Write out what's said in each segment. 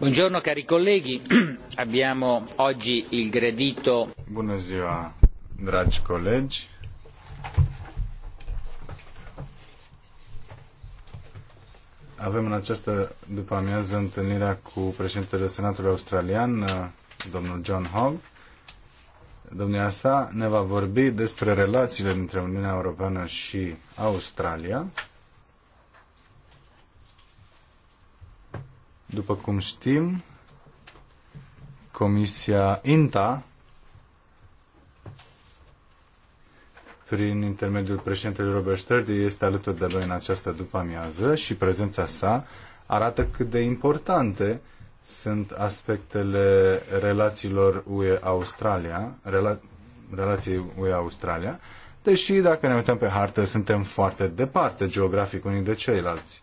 Buongiorno cari colleghi, abbiamo oggi il gradito. Bună ziua, dragi colegi. Avem în această după amiază întâlnirea cu președintele Senatului Australian, domnul John Hogg. Domnia sa ne va vorbi despre relațiile dintre Uniunea Europeană și Australia. După cum știm, Comisia INTA, prin intermediul președintelui Robert Sturdy, este alături de noi în această după-amiază și prezența sa arată cât de importante sunt aspectele relațiilor UE-Australia, rela- relației UE-Australia, deși dacă ne uităm pe hartă suntem foarte departe geografic unii de ceilalți.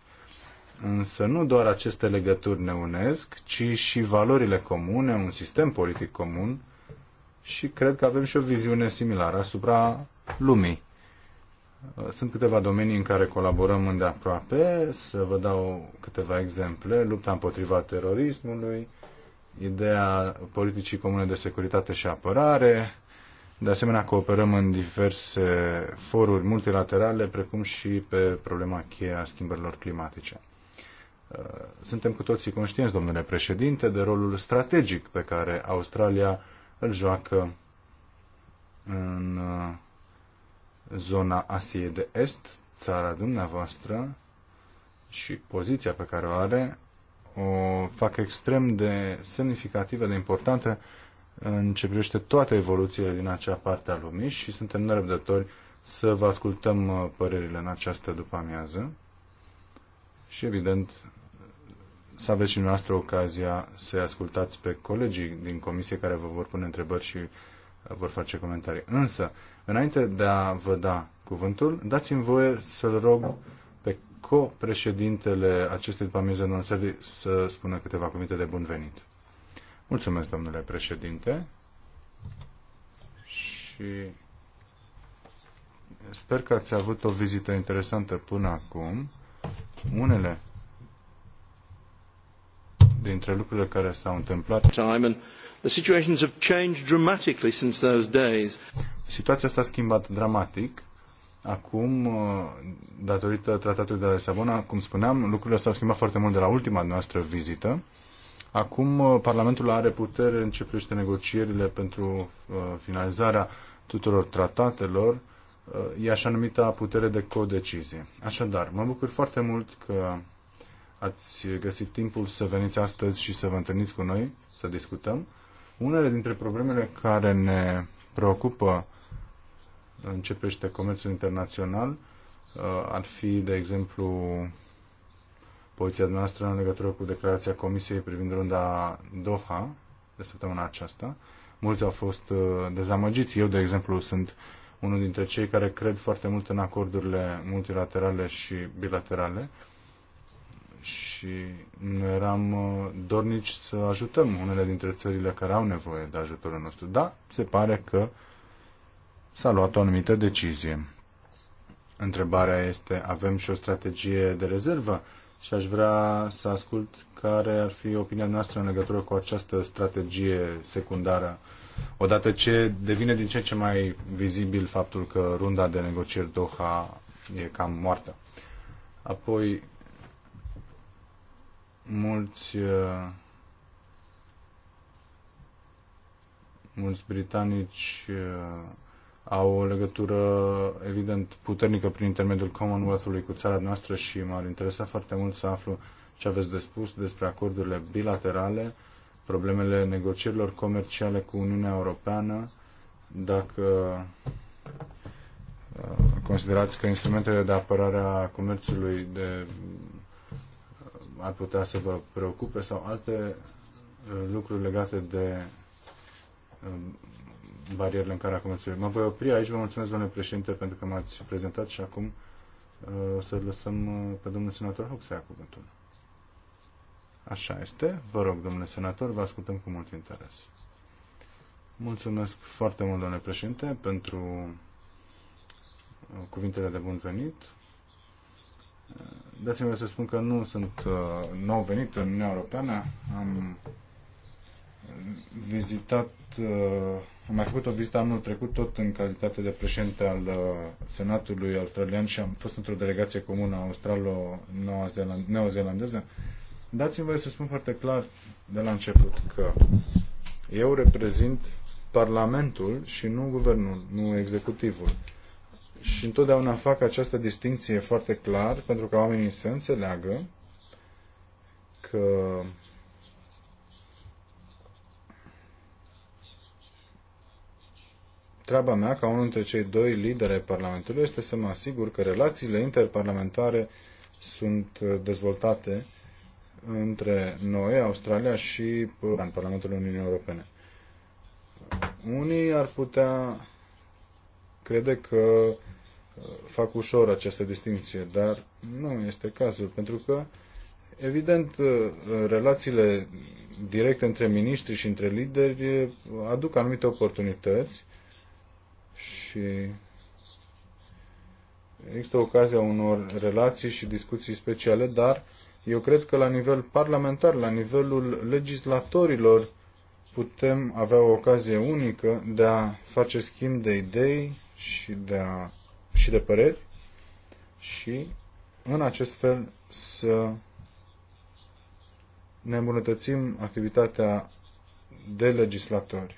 Însă nu doar aceste legături ne unesc, ci și valorile comune, un sistem politic comun și cred că avem și o viziune similară asupra lumii. Sunt câteva domenii în care colaborăm îndeaproape. Să vă dau câteva exemple. Lupta împotriva terorismului, ideea politicii comune de securitate și apărare. De asemenea, cooperăm în diverse foruri multilaterale, precum și pe problema cheie a schimbărilor climatice. Suntem cu toții conștienți, domnule președinte, de rolul strategic pe care Australia îl joacă în uh, zona Asiei de Est, țara dumneavoastră și poziția pe care o are o fac extrem de semnificativă, de importantă în ce privește toate evoluțiile din acea parte a lumii și suntem nerăbdători să vă ascultăm uh, părerile în această după amiază și evident să aveți și noastră ocazia să ascultați pe colegii din comisie care vă vor pune întrebări și uh, vor face comentarii. Însă, înainte de a vă da cuvântul, dați-mi voie să-l rog pe co-președintele acestei după amieze noastre să spună câteva cuvinte de bun venit. Mulțumesc, domnule președinte. Și sper că ați avut o vizită interesantă până acum. Unele dintre lucrurile care s-au întâmplat. The situations have changed dramatically since those days. Situația s-a schimbat dramatic. Acum, uh, datorită tratatului de la Lisabona, cum spuneam, lucrurile s-au schimbat foarte mult de la ultima noastră vizită. Acum uh, Parlamentul are putere în ce negocierile pentru uh, finalizarea tuturor tratatelor. E așa numita putere de codecizie. Așadar, mă bucur foarte mult că ați găsit timpul să veniți astăzi și să vă întâlniți cu noi, să discutăm. Unele dintre problemele care ne preocupă privește comerțul internațional uh, ar fi, de exemplu, poziția noastră în legătură cu declarația Comisiei privind runda Doha de săptămâna aceasta. Mulți au fost uh, dezamăgiți. Eu, de exemplu, sunt unul dintre cei care cred foarte mult în acordurile multilaterale și bilaterale și nu eram uh, dornici să ajutăm unele dintre țările care au nevoie de ajutorul nostru. Da, se pare că s-a luat o anumită decizie. Întrebarea este, avem și o strategie de rezervă? Și aș vrea să ascult care ar fi opinia noastră în legătură cu această strategie secundară, odată ce devine din ce în ce mai vizibil faptul că runda de negocieri Doha e cam moartă. Apoi, mulți uh, mulți britanici uh, au o legătură evident puternică prin intermediul Commonwealth-ului cu țara noastră și m-ar interesa foarte mult să aflu ce aveți de spus despre acordurile bilaterale, problemele negocierilor comerciale cu Uniunea Europeană, dacă uh, considerați că instrumentele de apărare a comerțului de ar putea să vă preocupe sau alte uh, lucruri legate de um, barierele în care acum comerțului. Mă voi opri aici, vă mulțumesc, domnule președinte, pentru că m-ați prezentat și acum uh, o să lăsăm uh, pe domnul senator Huc să ia cuvântul. Așa este. Vă rog, domnule senator, vă ascultăm cu mult interes. Mulțumesc foarte mult, domnule președinte, pentru cuvintele de bun venit. Dați-mi să spun că nu sunt uh, nou venit în Uniunea Europeană. Am vizitat, uh, am mai făcut o vizită anul trecut tot în calitate de președinte al uh, Senatului Australian și am fost într-o delegație comună australo-neozelandeză. Dați-mi să spun foarte clar de la început că eu reprezint Parlamentul și nu Guvernul, nu Executivul și întotdeauna fac această distinție foarte clar pentru ca oamenii să înțeleagă că treaba mea ca unul dintre cei doi lideri ai Parlamentului este să mă asigur că relațiile interparlamentare sunt dezvoltate între noi, Australia și în Parlamentul Uniunii Europene. Unii ar putea crede că uh, fac ușor această distinție, dar nu este cazul, pentru că, evident, uh, relațiile directe între miniștri și între lideri uh, aduc anumite oportunități și există ocazia unor relații și discuții speciale, dar eu cred că la nivel parlamentar, la nivelul legislatorilor, putem avea o ocazie unică de a face schimb de idei, și de, a, și de păreri și în acest fel să ne îmbunătățim activitatea de legislatori.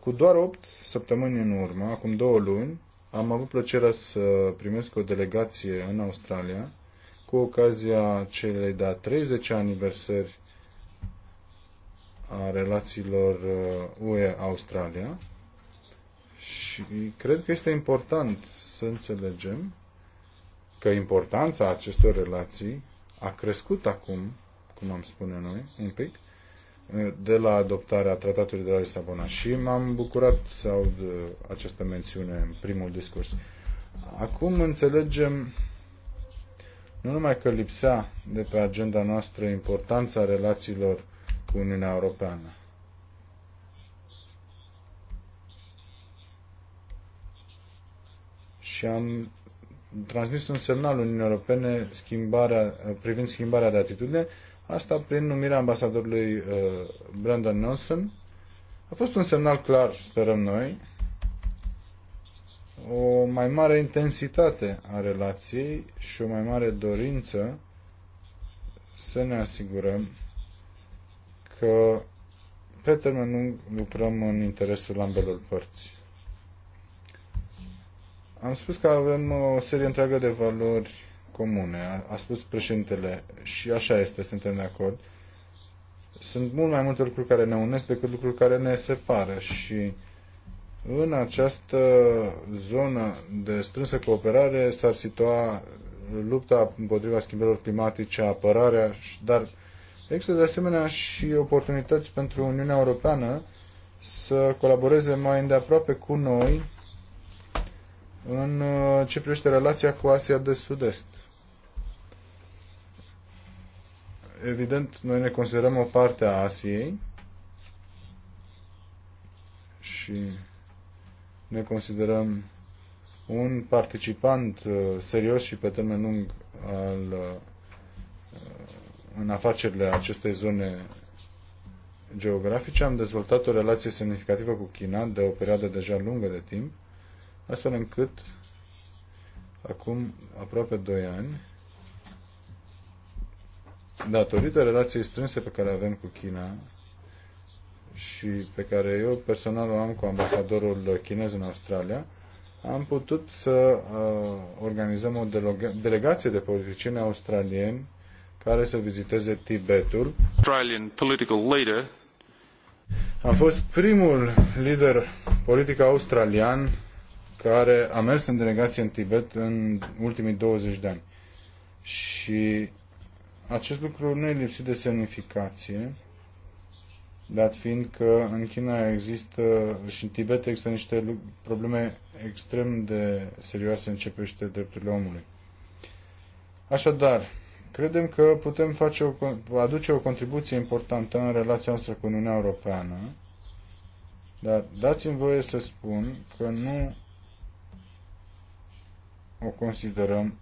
Cu doar 8 săptămâni în urmă, acum două luni, am avut plăcerea să primesc o delegație în Australia cu ocazia celei de-a 30 aniversări a relațiilor UE-Australia uh, și cred că este important să înțelegem că importanța acestor relații a crescut acum, cum am spune noi, un pic, de la adoptarea tratatului de la Lisabona și m-am bucurat să aud uh, această mențiune în primul discurs. Acum înțelegem nu numai că lipsea de pe agenda noastră importanța relațiilor cu Uniunea Europeană, și am transmis un semnal Uniunii Europene schimbarea, uh, privind schimbarea de atitudine, asta prin numirea ambasadorului uh, Brandon Nelson. A fost un semnal clar, sperăm noi, o mai mare intensitate a relației și o mai mare dorință să ne asigurăm că pe termen lung lucrăm în interesul ambelor părți. Am spus că avem o serie întreagă de valori comune, a, a spus președintele, și așa este, suntem de acord. Sunt mult mai multe lucruri care ne unesc decât lucruri care ne separă și în această zonă de strânsă cooperare s-ar situa lupta împotriva schimbărilor climatice, apărarea, dar există de asemenea și oportunități pentru Uniunea Europeană să colaboreze mai îndeaproape cu noi în uh, ce privește relația cu Asia de Sud-Est. Evident, noi ne considerăm o parte a Asiei și ne considerăm un participant uh, serios și pe termen lung al, uh, în afacerile acestei zone geografice. Am dezvoltat o relație semnificativă cu China de o perioadă deja lungă de timp astfel încât acum aproape 2 ani, datorită relației strânse pe care avem cu China și pe care eu personal o am cu ambasadorul chinez în Australia, am putut să uh, organizăm o delega- delegație de politicieni australieni care să viziteze Tibetul. Australian political leader. Am fost primul lider politic australian care a mers în delegație în Tibet în ultimii 20 de ani. Și acest lucru nu e lipsit de semnificație, dat fiind că în China există și în Tibet există niște probleme extrem de serioase în ce privește drepturile omului. Așadar, credem că putem face o, aduce o contribuție importantă în relația noastră cu Uniunea Europeană, dar dați-mi voie să spun că nu o considerăm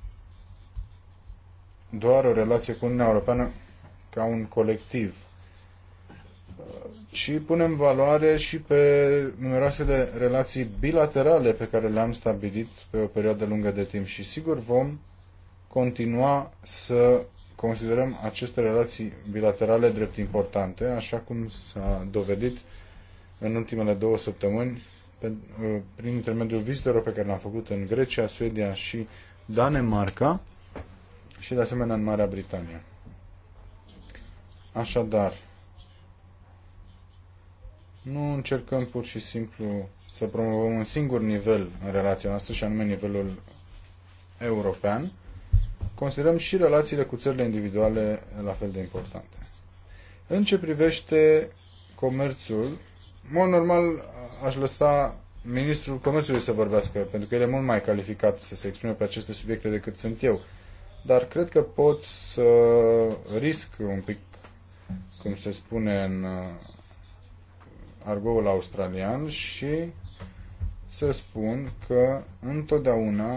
doar o relație cu Uniunea Europeană ca un colectiv, Și punem valoare și pe numeroasele relații bilaterale pe care le-am stabilit pe o perioadă lungă de timp și sigur vom continua să considerăm aceste relații bilaterale drept importante, așa cum s-a dovedit în ultimele două săptămâni Uh, prin intermediul vizitelor pe care le-am făcut în Grecia, Suedia și Danemarca și de asemenea în Marea Britanie. Așadar, nu încercăm pur și simplu să promovăm un singur nivel în relația noastră și anume nivelul european. Considerăm și relațiile cu țările individuale la fel de importante. În ce privește comerțul, mod normal aș lăsa ministrul comerțului să vorbească, pentru că el e mult mai calificat să se exprime pe aceste subiecte decât sunt eu. Dar cred că pot să risc un pic, cum se spune în uh, argoul australian și să spun că întotdeauna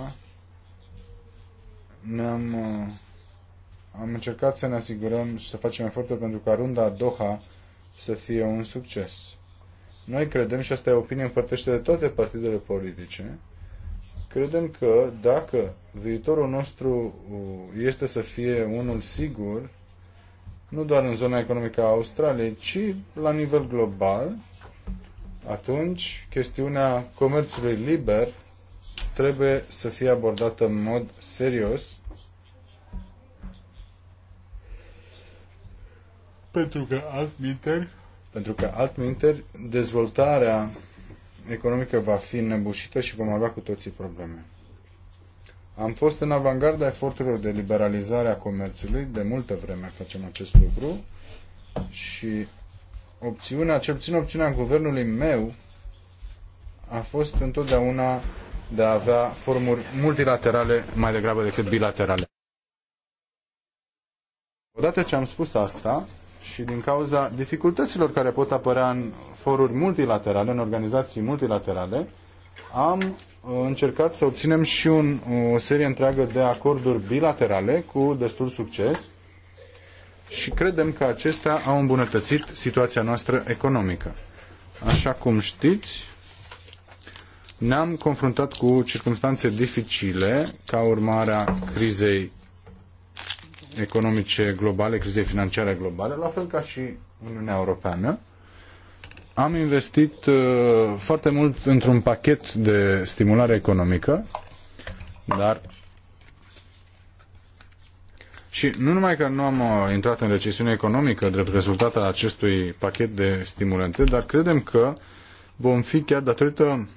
ne-am uh, am încercat să ne asigurăm și să facem eforturi pentru ca runda Doha să fie un succes. Noi credem, și asta e opinie împărtășită de toate partidele politice, credem că dacă viitorul nostru uh, este să fie unul sigur, nu doar în zona economică a Australiei, ci la nivel global, atunci chestiunea comerțului liber trebuie să fie abordată în mod serios pentru că altminteri pentru că, altminteri, dezvoltarea economică va fi înnăbușită și vom avea cu toții probleme. Am fost în avangarda eforturilor de liberalizare a comerțului, de multă vreme facem acest lucru și opțiunea, cel puțin opțiunea guvernului meu, a fost întotdeauna de a avea formuri multilaterale mai degrabă decât bilaterale. Odată ce am spus asta, și din cauza dificultăților care pot apărea în foruri multilaterale, în organizații multilaterale, am uh, încercat să obținem și un, uh, o serie întreagă de acorduri bilaterale cu destul succes și credem că acestea au îmbunătățit situația noastră economică. Așa cum știți, ne-am confruntat cu circunstanțe dificile ca urmare a crizei economice globale, crizei financiare globale, la fel ca și Uniunea Europeană, am investit uh, foarte mult într-un pachet de stimulare economică, dar și nu numai că nu am uh, intrat în recesiune economică drept rezultat al acestui pachet de stimulante, dar credem că vom fi chiar datorită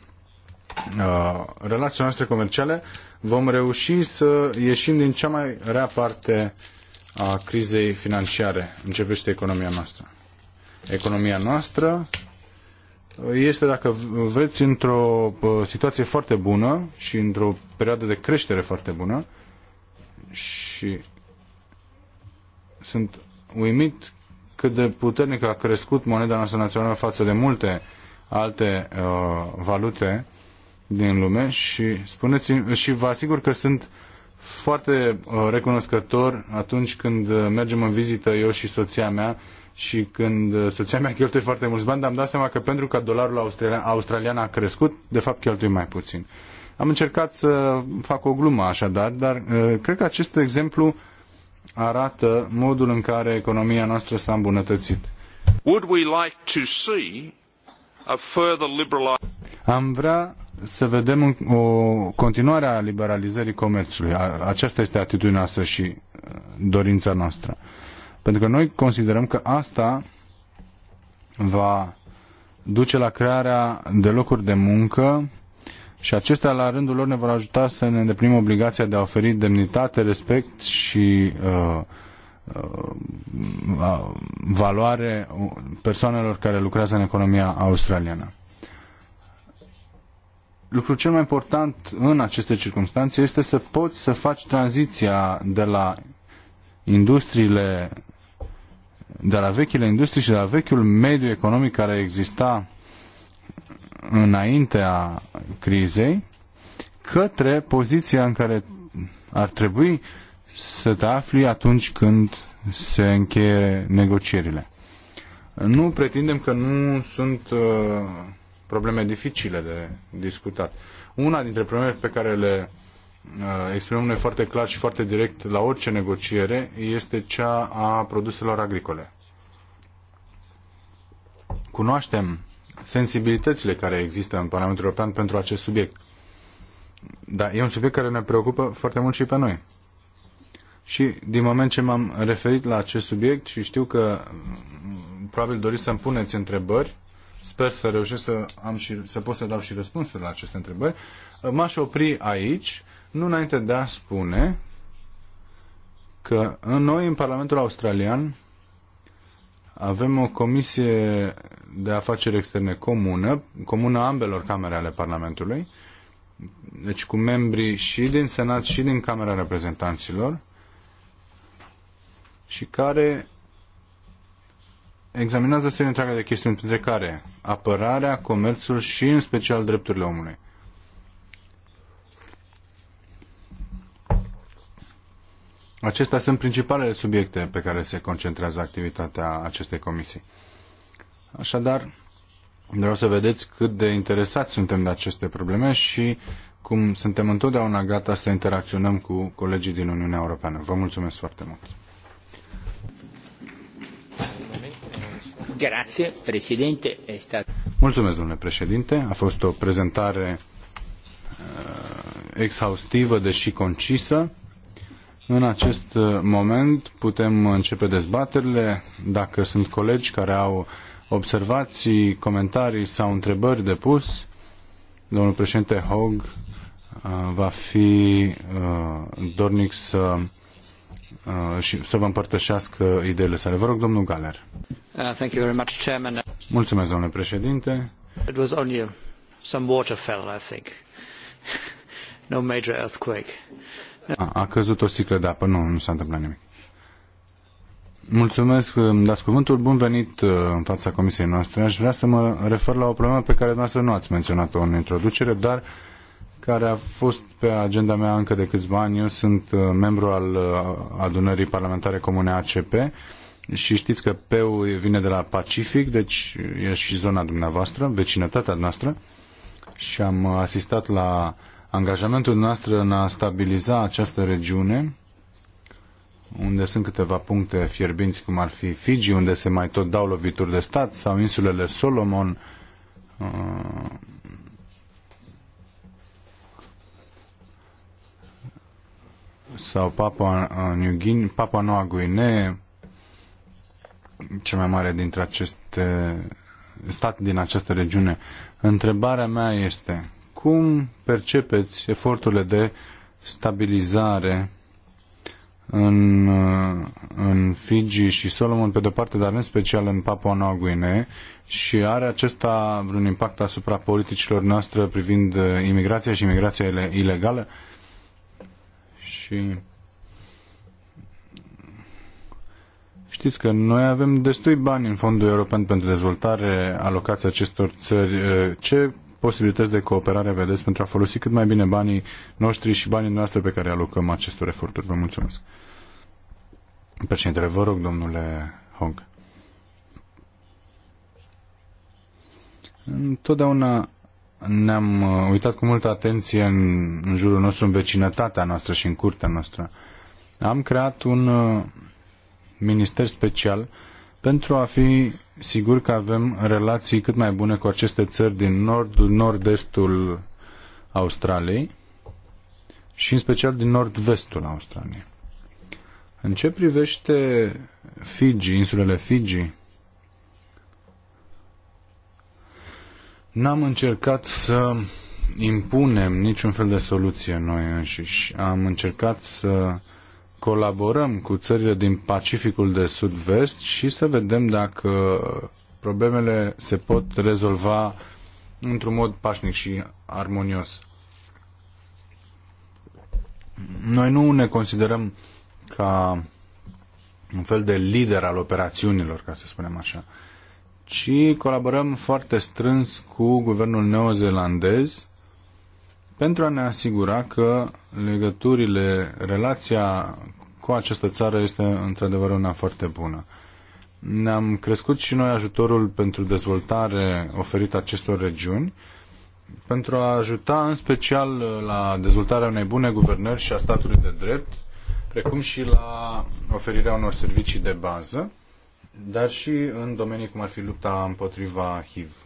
Uh, relațiile noastre comerciale, vom reuși să ieșim din cea mai rea parte a crizei financiare. Începește economia noastră. Economia noastră este, dacă vreți, într-o uh, situație foarte bună și într-o perioadă de creștere foarte bună și sunt uimit cât de puternic a crescut moneda noastră națională față de multe alte uh, valute din lume și, spuneți, și vă asigur că sunt foarte uh, recunoscător atunci când uh, mergem în vizită eu și soția mea și când uh, soția mea cheltuie foarte mulți bani, dar am dat seama că pentru că dolarul australian, australian a crescut, de fapt cheltuie mai puțin. Am încercat să fac o glumă așadar, dar cred că acest exemplu arată modul în care economia noastră s-a îmbunătățit. Would we like to see am vrea să vedem o continuare a liberalizării comerțului. Aceasta este atitudinea noastră și uh, dorința noastră. Pentru că noi considerăm că asta va duce la crearea de locuri de muncă și acestea, la rândul lor, ne vor ajuta să ne îndeplinim obligația de a oferi demnitate, respect și uh, valoare persoanelor care lucrează în economia australiană. Lucrul cel mai important în aceste circunstanțe este să poți să faci tranziția de la industriile de la vechile industrii și de la vechiul mediu economic care exista înaintea crizei către poziția în care ar trebui să te afli atunci când se încheie negocierile. Nu pretindem că nu sunt uh, probleme dificile de discutat. Una dintre problemele pe care le uh, exprimăm noi foarte clar și foarte direct la orice negociere este cea a produselor agricole. Cunoaștem sensibilitățile care există în Parlamentul European pentru acest subiect. Dar e un subiect care ne preocupă foarte mult și pe noi. Și din moment ce m-am referit la acest subiect și știu că mm, probabil doriți să-mi puneți întrebări, sper să reușesc să, am și, să pot să dau și răspunsuri la aceste întrebări, m-aș opri aici, nu înainte de a spune că noi în Parlamentul Australian avem o comisie de afaceri externe comună, comună ambelor camere ale Parlamentului, deci cu membrii și din Senat și din Camera Reprezentanților, și care examinează o serie întreagă de chestiuni, printre care apărarea, comerțul și în special drepturile omului. Acestea sunt principalele subiecte pe care se concentrează activitatea acestei comisii. Așadar, vreau să vedeți cât de interesați suntem de aceste probleme și cum suntem întotdeauna gata să interacționăm cu colegii din Uniunea Europeană. Vă mulțumesc foarte mult! Grazie, președinte. Mulțumesc, domnule președinte. A fost o prezentare uh, exhaustivă, deși concisă. În acest uh, moment putem începe dezbaterile. Dacă sunt colegi care au observații, comentarii sau întrebări de pus, domnul președinte Hogg uh, va fi dornic să Uh, și să vă împărtășească ideile sale. Vă rog, domnul Galer. Uh, thank you very much, Chairman. Mulțumesc, domnule președinte. It was only some fell, I think. no major earthquake. A, a căzut o sticlă de apă, nu, nu s-a întâmplat nimic. Mulțumesc că îmi dați cuvântul. Bun venit uh, în fața comisiei noastre. Aș vrea să mă refer la o problemă pe care dumneavoastră nu ați menționat-o în introducere, dar uh, care a fost pe agenda mea încă de câțiva ani. Eu sunt uh, membru al uh, adunării parlamentare comune ACP și știți că PEU vine de la Pacific, deci e și zona dumneavoastră, vecinătatea noastră și am asistat la angajamentul noastră în a stabiliza această regiune unde sunt câteva puncte fierbinți, cum ar fi Fiji, unde se mai tot dau lovituri de stat, sau insulele Solomon, uh, sau Papua, uh, New Guinea, Papua Noua Guinee, cel mai mare dintre aceste state din această regiune. Întrebarea mea este cum percepeți eforturile de stabilizare în, uh, în Fiji și Solomon pe de-o parte, dar în special în Papua Noua Guinee și are acesta vreun impact asupra politicilor noastre privind uh, imigrația și imigrația ilegală? și Știți că noi avem destui bani în Fondul European pentru Dezvoltare alocați acestor țări. Ce posibilități de cooperare vedeți pentru a folosi cât mai bine banii noștri și banii noastre pe care alocăm acestor eforturi? Vă mulțumesc. Președintele, vă rog, domnule Hong. Întotdeauna ne-am uh, uitat cu multă atenție în, în jurul nostru, în vecinătatea noastră și în curtea noastră. Am creat un uh, minister special pentru a fi sigur că avem relații cât mai bune cu aceste țări din nordul, nord-estul Australiei și în special din nord-vestul Australiei. În ce privește Fiji, insulele Fiji, N-am încercat să impunem niciun fel de soluție noi înșiși. Am încercat să colaborăm cu țările din Pacificul de Sud-Vest și să vedem dacă problemele se pot rezolva într-un mod pașnic și armonios. Noi nu ne considerăm ca un fel de lider al operațiunilor, ca să spunem așa ci colaborăm foarte strâns cu guvernul neozelandez pentru a ne asigura că legăturile, relația cu această țară este într-adevăr una foarte bună. Ne-am crescut și noi ajutorul pentru dezvoltare oferit acestor regiuni pentru a ajuta în special la dezvoltarea unei bune guvernări și a statului de drept, precum și la oferirea unor servicii de bază dar și în domenii cum ar fi lupta împotriva HIV.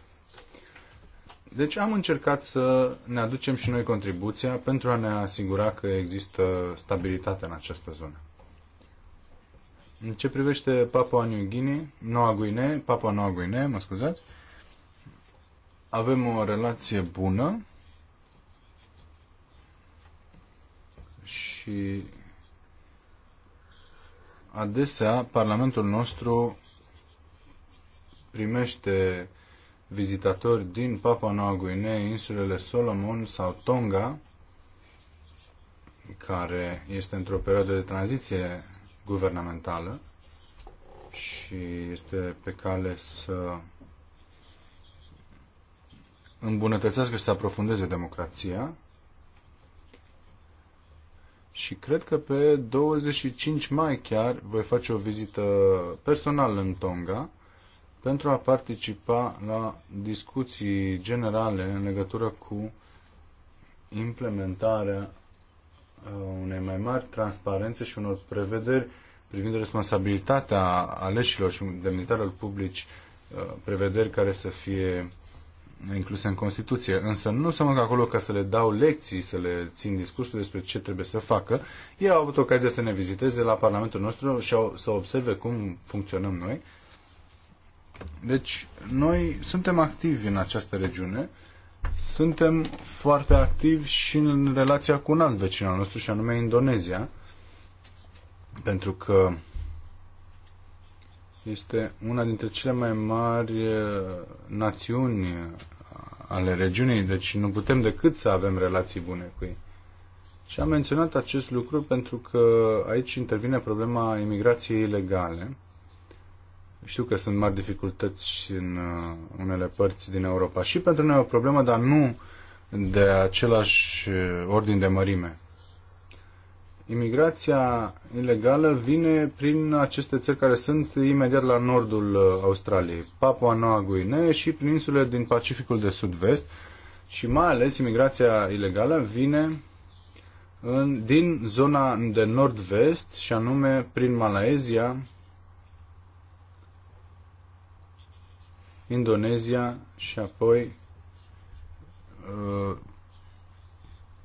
Deci am încercat să ne aducem și noi contribuția pentru a ne asigura că există stabilitate în această zonă. În ce privește Papua New Guinea, Noua Guinee, Papua Noua Guinee, mă scuzați, avem o relație bună și adesea Parlamentul nostru primește vizitatori din Papua Noua Guinee, insulele Solomon sau Tonga, care este într-o perioadă de tranziție guvernamentală și este pe cale să îmbunătățească și să aprofundeze democrația și cred că pe 25 mai chiar voi face o vizită personală în Tonga pentru a participa la discuții generale în legătură cu implementarea uh, unei mai mari transparențe și unor prevederi privind responsabilitatea aleșilor și demnitarilor publici, uh, prevederi care să fie incluse în Constituție, însă nu se mănâncă acolo ca să le dau lecții, să le țin discursul despre ce trebuie să facă. Ei au avut ocazia să ne viziteze la Parlamentul nostru și au, să observe cum funcționăm noi. Deci, noi suntem activi în această regiune, suntem foarte activi și în relația cu un alt vecin al nostru, și anume Indonezia, pentru că este una dintre cele mai mari eh, națiuni ale regiunii, deci nu putem decât să avem relații bune cu ei. Și am menționat acest lucru pentru că aici intervine problema imigrației ilegale. Știu că sunt mari dificultăți în uh, unele părți din Europa și pentru noi e o problemă, dar nu de același uh, ordin de mărime. Imigrația ilegală vine prin aceste țări care sunt imediat la nordul uh, Australiei, Papua Noua Guinee și prin insulele din Pacificul de Sud-Vest și mai ales imigrația ilegală vine în, din zona de nord-vest și anume prin Malaezia, Indonezia și apoi uh,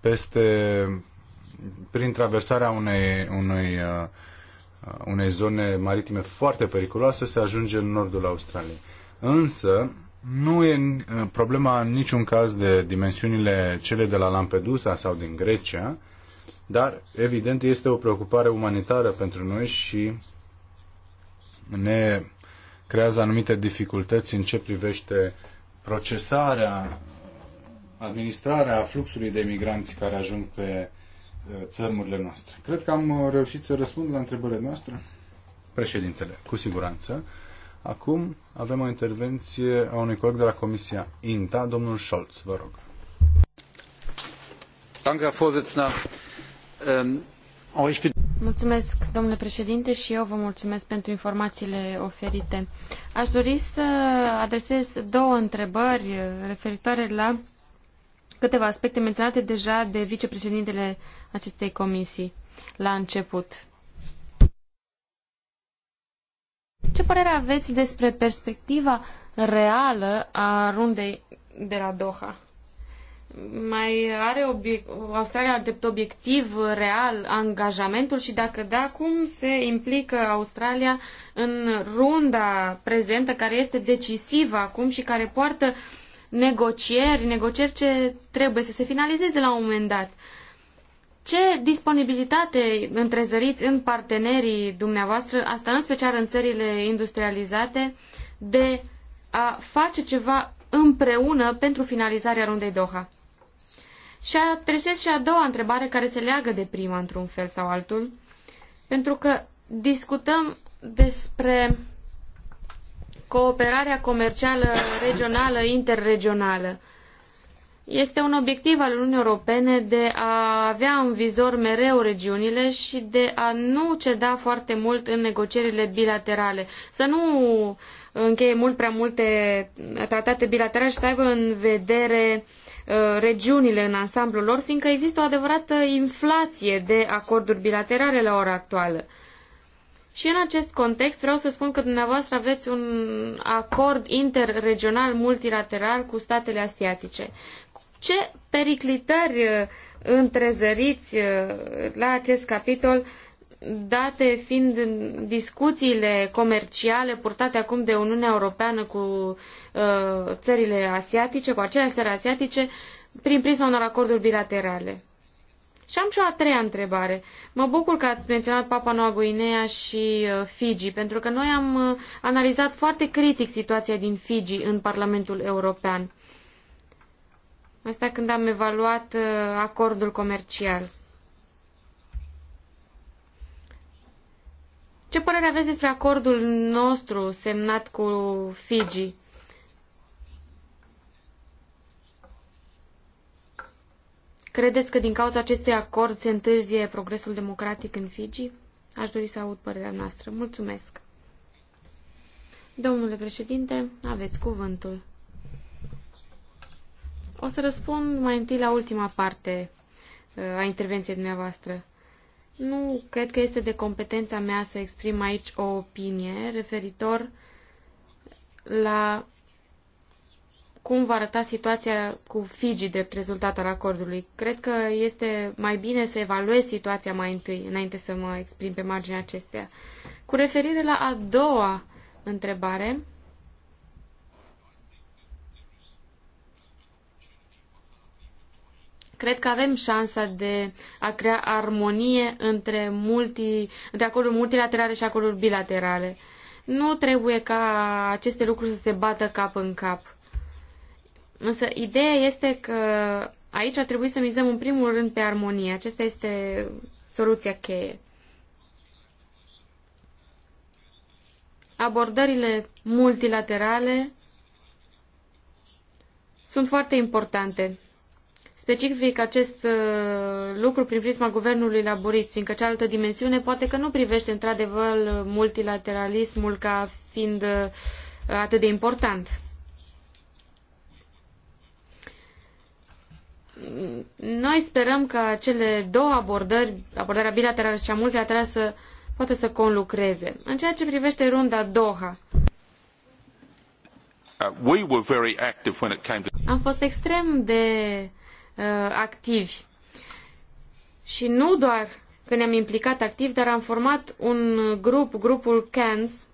peste prin traversarea unei, unei, uh, unei zone maritime foarte periculoase se ajunge în nordul Australiei. Însă, nu e uh, problema în niciun caz de dimensiunile cele de la Lampedusa sau din Grecia, dar evident este o preocupare umanitară pentru noi și ne creează anumite dificultăți în ce privește procesarea, administrarea fluxului de migranți care ajung pe Uh, țărmurile noastre. Cred că am uh, reușit să răspund la întrebările noastre. Președintele, cu siguranță. Acum avem o intervenție a unui coleg de la Comisia INTA, domnul Scholz, vă rog. Ähm, mulțumesc, domnule președinte, și eu vă mulțumesc pentru informațiile oferite. Aș dori să adresez două întrebări referitoare la câteva aspecte menționate deja de vicepreședintele acestei comisii la început. Ce părere aveți despre perspectiva reală a rundei de la Doha? Mai are obiect, Australia drept obiectiv real angajamentul și dacă da, cum se implică Australia în runda prezentă care este decisivă acum și care poartă negocieri, negocieri ce trebuie să se finalizeze la un moment dat ce disponibilitate întrezăriți în partenerii dumneavoastră, asta în special în țările industrializate, de a face ceva împreună pentru finalizarea rundei Doha? Și adresez și a doua întrebare care se leagă de prima într-un fel sau altul, pentru că discutăm despre cooperarea comercială regională, interregională. Este un obiectiv al Uniunii Europene de a avea în vizor mereu regiunile și de a nu ceda foarte mult în negocierile bilaterale. Să nu încheie mult prea multe tratate bilaterale și să aibă în vedere uh, regiunile în ansamblul lor, fiindcă există o adevărată inflație de acorduri bilaterale la ora actuală. Și în acest context vreau să spun că dumneavoastră aveți un acord interregional multilateral cu statele asiatice ce periclitări uh, întrezăriți uh, la acest capitol, date fiind discuțiile comerciale purtate acum de Uniunea Europeană cu uh, țările asiatice, cu aceleași țări asiatice, prin prisma unor acorduri bilaterale. Și am și o a treia întrebare. Mă bucur că ați menționat Papua Noua Guinea și Fiji, pentru că noi am analizat foarte critic situația din Fiji în Parlamentul European. Asta când am evaluat uh, acordul comercial. Ce părere aveți despre acordul nostru semnat cu Fiji? Credeți că din cauza acestui acord se întârzie progresul democratic în Fiji? Aș dori să aud părerea noastră. Mulțumesc. Domnule președinte, aveți cuvântul. O să răspund mai întâi la ultima parte uh, a intervenției dumneavoastră. Nu cred că este de competența mea să exprim aici o opinie referitor la cum va arăta situația cu Fiji de rezultat al acordului. Cred că este mai bine să evaluez situația mai întâi, înainte să mă exprim pe marginea acestea. Cu referire la a doua întrebare, Cred că avem șansa de a crea armonie între, multi, între acorduri multilaterale și acorduri bilaterale. Nu trebuie ca aceste lucruri să se bată cap în cap. Însă ideea este că aici ar trebui să mizăm în primul rând pe armonie. Aceasta este soluția cheie. Abordările multilaterale sunt foarte importante specific acest uh, lucru prin prisma guvernului laborist, fiindcă cealaltă dimensiune poate că nu privește într-adevăr multilateralismul ca fiind uh, atât de important. Noi sperăm că cele două abordări, abordarea bilaterală și cea multilaterală, să poată să conlucreze. În ceea ce privește runda Doha, uh, am fost extrem de Uh, activi. Și nu doar că ne-am implicat activ, dar am format un grup, grupul CANS,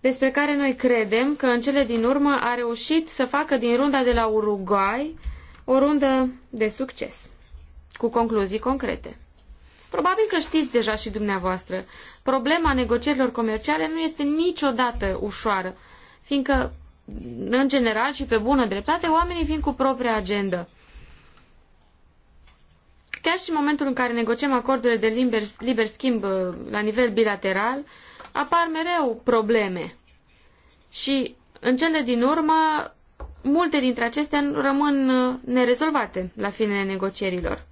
despre care noi credem că în cele din urmă a reușit să facă din runda de la Uruguay o rundă de succes, cu concluzii concrete. Probabil că știți deja și dumneavoastră, problema negocierilor comerciale nu este niciodată ușoară, fiindcă, în general și pe bună dreptate, oamenii vin cu propria agendă. Chiar și în momentul în care negociem acordurile de liber, liber schimb uh, la nivel bilateral, apar mereu probleme. Și în cele din urmă, multe dintre acestea rămân uh, nerezolvate la finele negocierilor.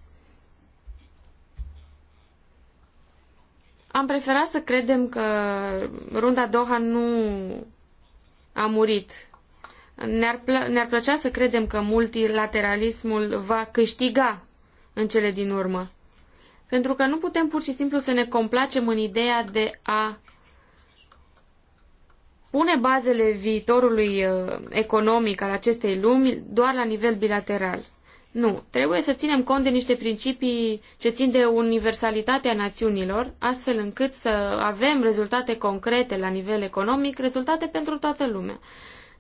Am preferat să credem că runda Doha nu a murit. Ne-ar, plă- ne plăcea să credem că multilateralismul va câștiga în cele din urmă. Pentru că nu putem pur și simplu să ne complacem în ideea de a pune bazele viitorului uh, economic al acestei lumi doar la nivel bilateral. Nu, trebuie să ținem cont de niște principii ce țin de universalitatea națiunilor, astfel încât să avem rezultate concrete la nivel economic, rezultate pentru toată lumea.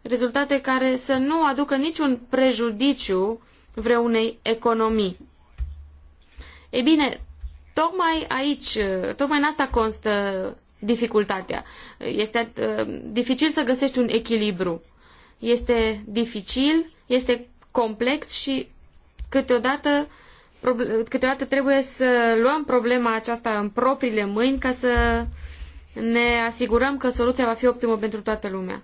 Rezultate care să nu aducă niciun prejudiciu vreunei economii. E bine, tocmai aici, uh, tocmai în asta constă dificultatea. Este uh, dificil să găsești un echilibru. Este dificil, este complex și câteodată, câteodată trebuie să luăm problema aceasta în propriile mâini ca să ne asigurăm că soluția va fi optimă pentru toată lumea.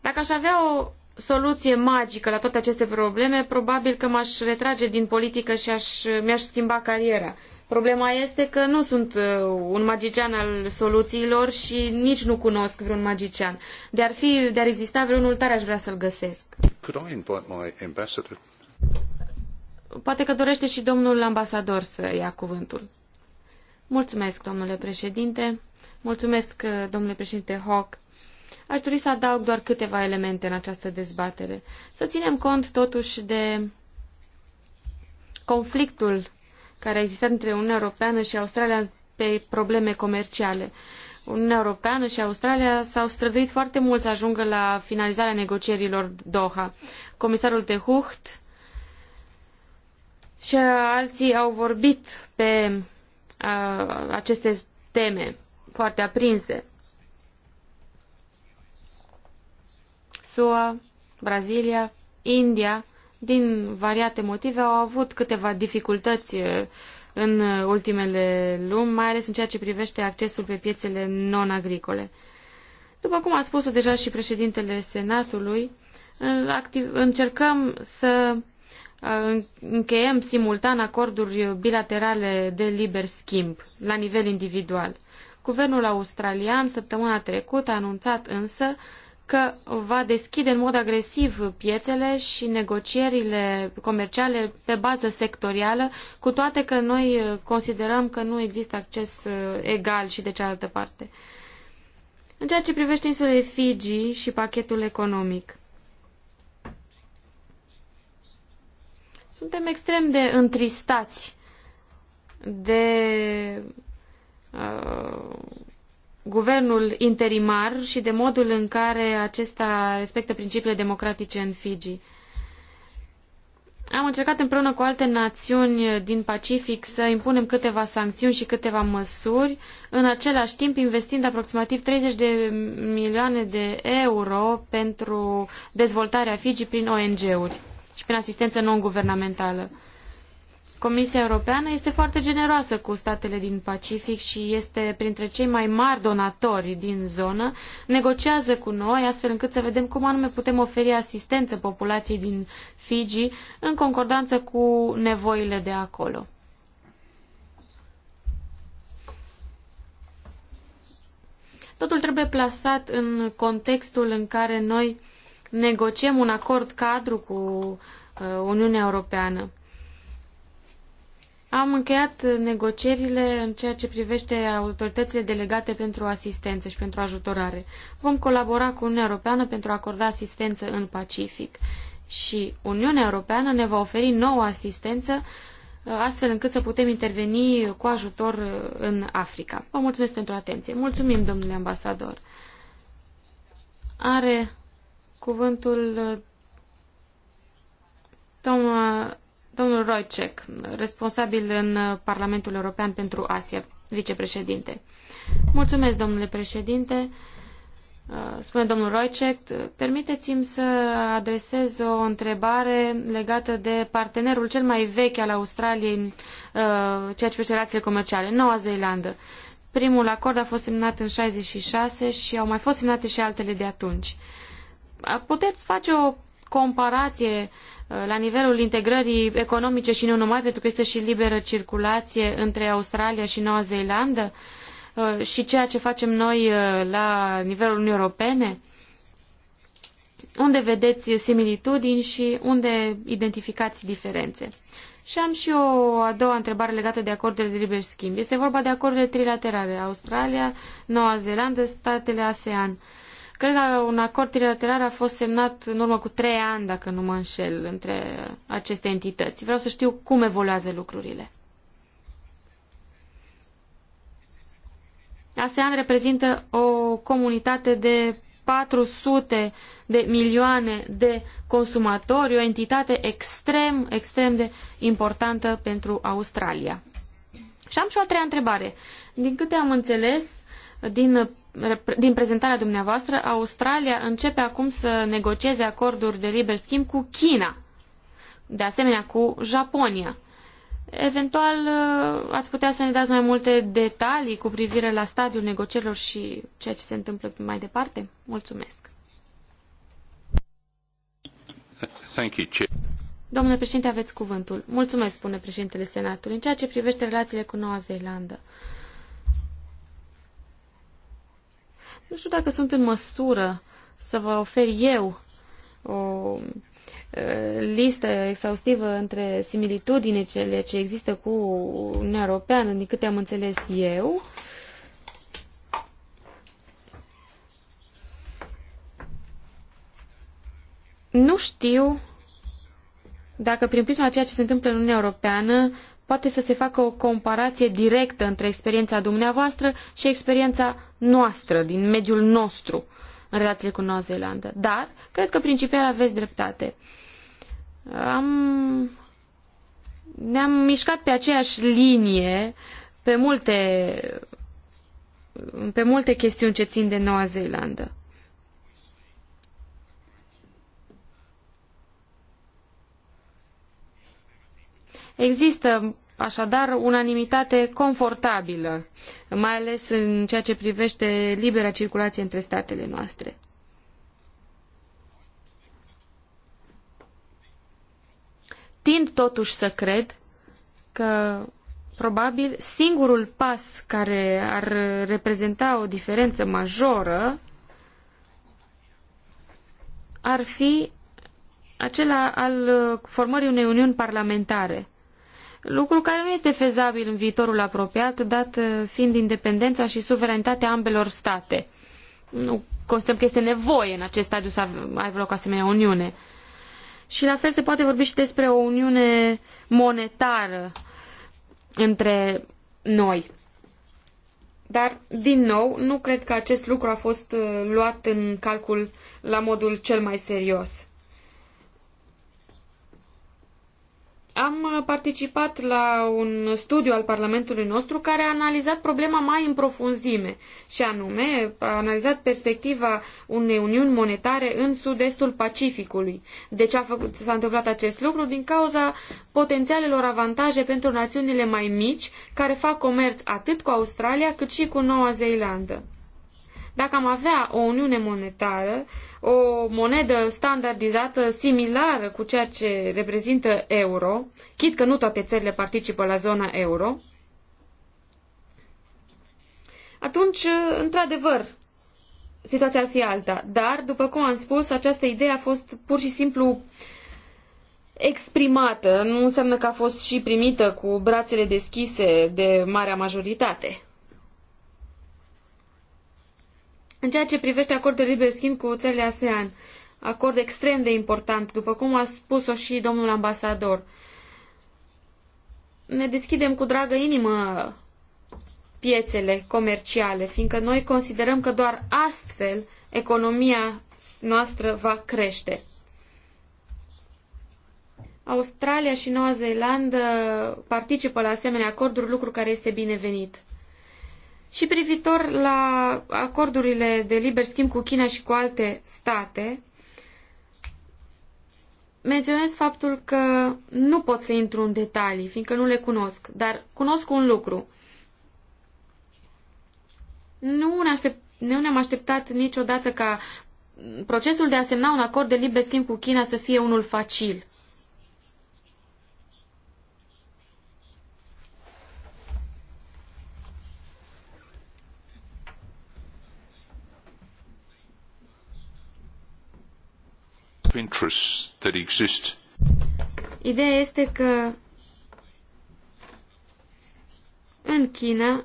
Dacă aș avea o soluție magică la toate aceste probleme, probabil că m-aș retrage din politică și aș, mi-aș schimba cariera. Problema este că nu sunt uh, un magician al soluțiilor și nici nu cunosc vreun magician. De ar fi, de ar exista vreunul tare, aș vrea să-l găsesc. Poate că dorește și domnul ambasador să ia cuvântul. Mulțumesc, domnule președinte. Mulțumesc, uh, domnule președinte Hawk, Aș dori să adaug doar câteva elemente în această dezbatere. Să ținem cont totuși de conflictul care a existat între Uniunea Europeană și Australia pe probleme comerciale. Uniunea Europeană și Australia s-au străduit foarte mult să ajungă la finalizarea negocierilor Doha. Comisarul de Hucht și alții au vorbit pe uh, aceste teme foarte aprinse. SUA, Brazilia, India, din variate motive, au avut câteva dificultăți uh, în ultimele luni, mai ales în ceea ce privește accesul pe piețele non-agricole. După cum a spus-o deja și președintele Senatului, încercăm să uh, încheiem simultan acorduri bilaterale de liber schimb la nivel individual. Guvernul australian săptămâna trecută a anunțat însă că va deschide în mod agresiv piețele și negocierile comerciale pe bază sectorială, cu toate că noi considerăm că nu există acces uh, egal și de cealaltă parte. În ceea ce privește insulele Fiji și pachetul economic, suntem extrem de întristați de uh, guvernul interimar și de modul în care acesta respectă principiile democratice în Fiji. Am încercat împreună cu alte națiuni din Pacific să impunem câteva sancțiuni și câteva măsuri, în același timp investind aproximativ 30 de milioane de euro pentru dezvoltarea Fiji prin ONG-uri și prin asistență non-guvernamentală. Comisia Europeană este foarte generoasă cu statele din Pacific și este printre cei mai mari donatori din zonă. Negociază cu noi astfel încât să vedem cum anume putem oferi asistență populației din Fiji în concordanță cu nevoile de acolo. Totul trebuie plasat în contextul în care noi negociem un acord cadru cu uh, Uniunea Europeană. Am încheiat negocierile în ceea ce privește autoritățile delegate pentru asistență și pentru ajutorare. Vom colabora cu Uniunea Europeană pentru a acorda asistență în Pacific și Uniunea Europeană ne va oferi nouă asistență astfel încât să putem interveni cu ajutor în Africa. Vă mulțumesc pentru atenție. Mulțumim, domnule ambasador. Are cuvântul uh, Toma domnul Roicek, responsabil în Parlamentul European pentru Asia, vicepreședinte. Mulțumesc, domnule președinte. Spune domnul Roicek, permiteți-mi să adresez o întrebare legată de partenerul cel mai vechi al Australiei în uh, ceea ce privește relațiile comerciale, Noua Zeelandă. Primul acord a fost semnat în 66 și au mai fost semnate și altele de atunci. Puteți face o comparație Eh, la nivelul integrării economice și nu numai, pentru că este și liberă circulație între Australia și Noua Zeelandă eh, și ceea ce facem noi eh, la nivelul Uniunii Europene? Unde vedeți similitudini și unde identificați diferențe? Și am și o a doua întrebare legată de acordurile de liber schimb. Este vorba de acordurile trilaterale, Australia, Noua Zeelandă, statele ASEAN. Uh, Cred că un acord trilateral a fost semnat în urmă cu trei ani, dacă nu mă înșel, între aceste entități. Vreau să știu cum evoluează lucrurile. ASEAN reprezintă o comunitate de 400 de milioane de consumatori, o entitate extrem, extrem de importantă pentru Australia. Și am și o treia întrebare. Din câte am înțeles, din din prezentarea dumneavoastră, Australia începe acum să negocieze acorduri de liber schimb cu China, de asemenea cu Japonia. Eventual, uh, ați putea să ne dați mai multe detalii cu privire la stadiul negocierilor și ceea ce se întâmplă mai departe? Mulțumesc. Thank you, Domnule președinte, aveți cuvântul. Mulțumesc, spune președintele Senatului, în ceea ce privește relațiile cu Noua Zeelandă. Nu știu dacă sunt în măsură să vă ofer eu o listă exhaustivă între similitudine cele ce există cu Uniunea Europeană, din câte am înțeles eu. Nu știu dacă prin prisma ceea ce se întâmplă în Uniunea Europeană poate să se facă o comparație directă între experiența dumneavoastră și experiența noastră, din mediul nostru în relațiile cu Noua Zeelandă. Dar, cred că principial aveți dreptate. Am... Ne-am mișcat pe aceeași linie pe multe, pe multe chestiuni ce țin de Noua Zeelandă. Există Așadar, unanimitate confortabilă, mai ales în ceea ce privește libera circulație între statele noastre. Tind totuși să cred că probabil singurul pas care ar reprezenta o diferență majoră ar fi acela al formării unei uniuni parlamentare lucru care nu este fezabil în viitorul apropiat, dat uh, fiind independența și suveranitatea ambelor state. Nu constăm că este nevoie în acest stadiu să aibă loc asemenea uniune. Și la fel se poate vorbi și despre o uniune monetară între noi. Dar, din nou, nu cred că acest lucru a fost uh, luat în calcul la modul cel mai serios. am uh, participat la un studiu al Parlamentului nostru care a analizat problema mai în profunzime și anume a analizat perspectiva unei uniuni monetare în sud-estul Pacificului. De ce s-a întâmplat acest lucru? Din cauza potențialelor avantaje pentru națiunile mai mici care fac comerț atât cu Australia cât și cu Noua Zeelandă. Dacă am avea o uniune monetară, o monedă standardizată similară cu ceea ce reprezintă euro, chit că nu toate țările participă la zona euro, atunci, într-adevăr, situația ar fi alta. Dar, după cum am spus, această idee a fost pur și simplu exprimată. Nu înseamnă că a fost și primită cu brațele deschise de marea majoritate. În ceea ce privește acordul liber schimb cu țările ASEAN, acord extrem de important, după cum a spus-o și domnul ambasador, ne deschidem cu dragă inimă piețele comerciale, fiindcă noi considerăm că doar astfel economia noastră va crește. Australia și Noua Zeelandă participă la asemenea acorduri, lucru care este binevenit. Și privitor la acordurile de liber schimb cu China și cu alte state, menționez faptul că nu pot să intru în detalii, fiindcă nu le cunosc, dar cunosc un lucru. Nu, ne aștept, nu ne-am așteptat niciodată ca procesul de a semna un acord de liber schimb cu China să fie unul facil. Ideea este că în China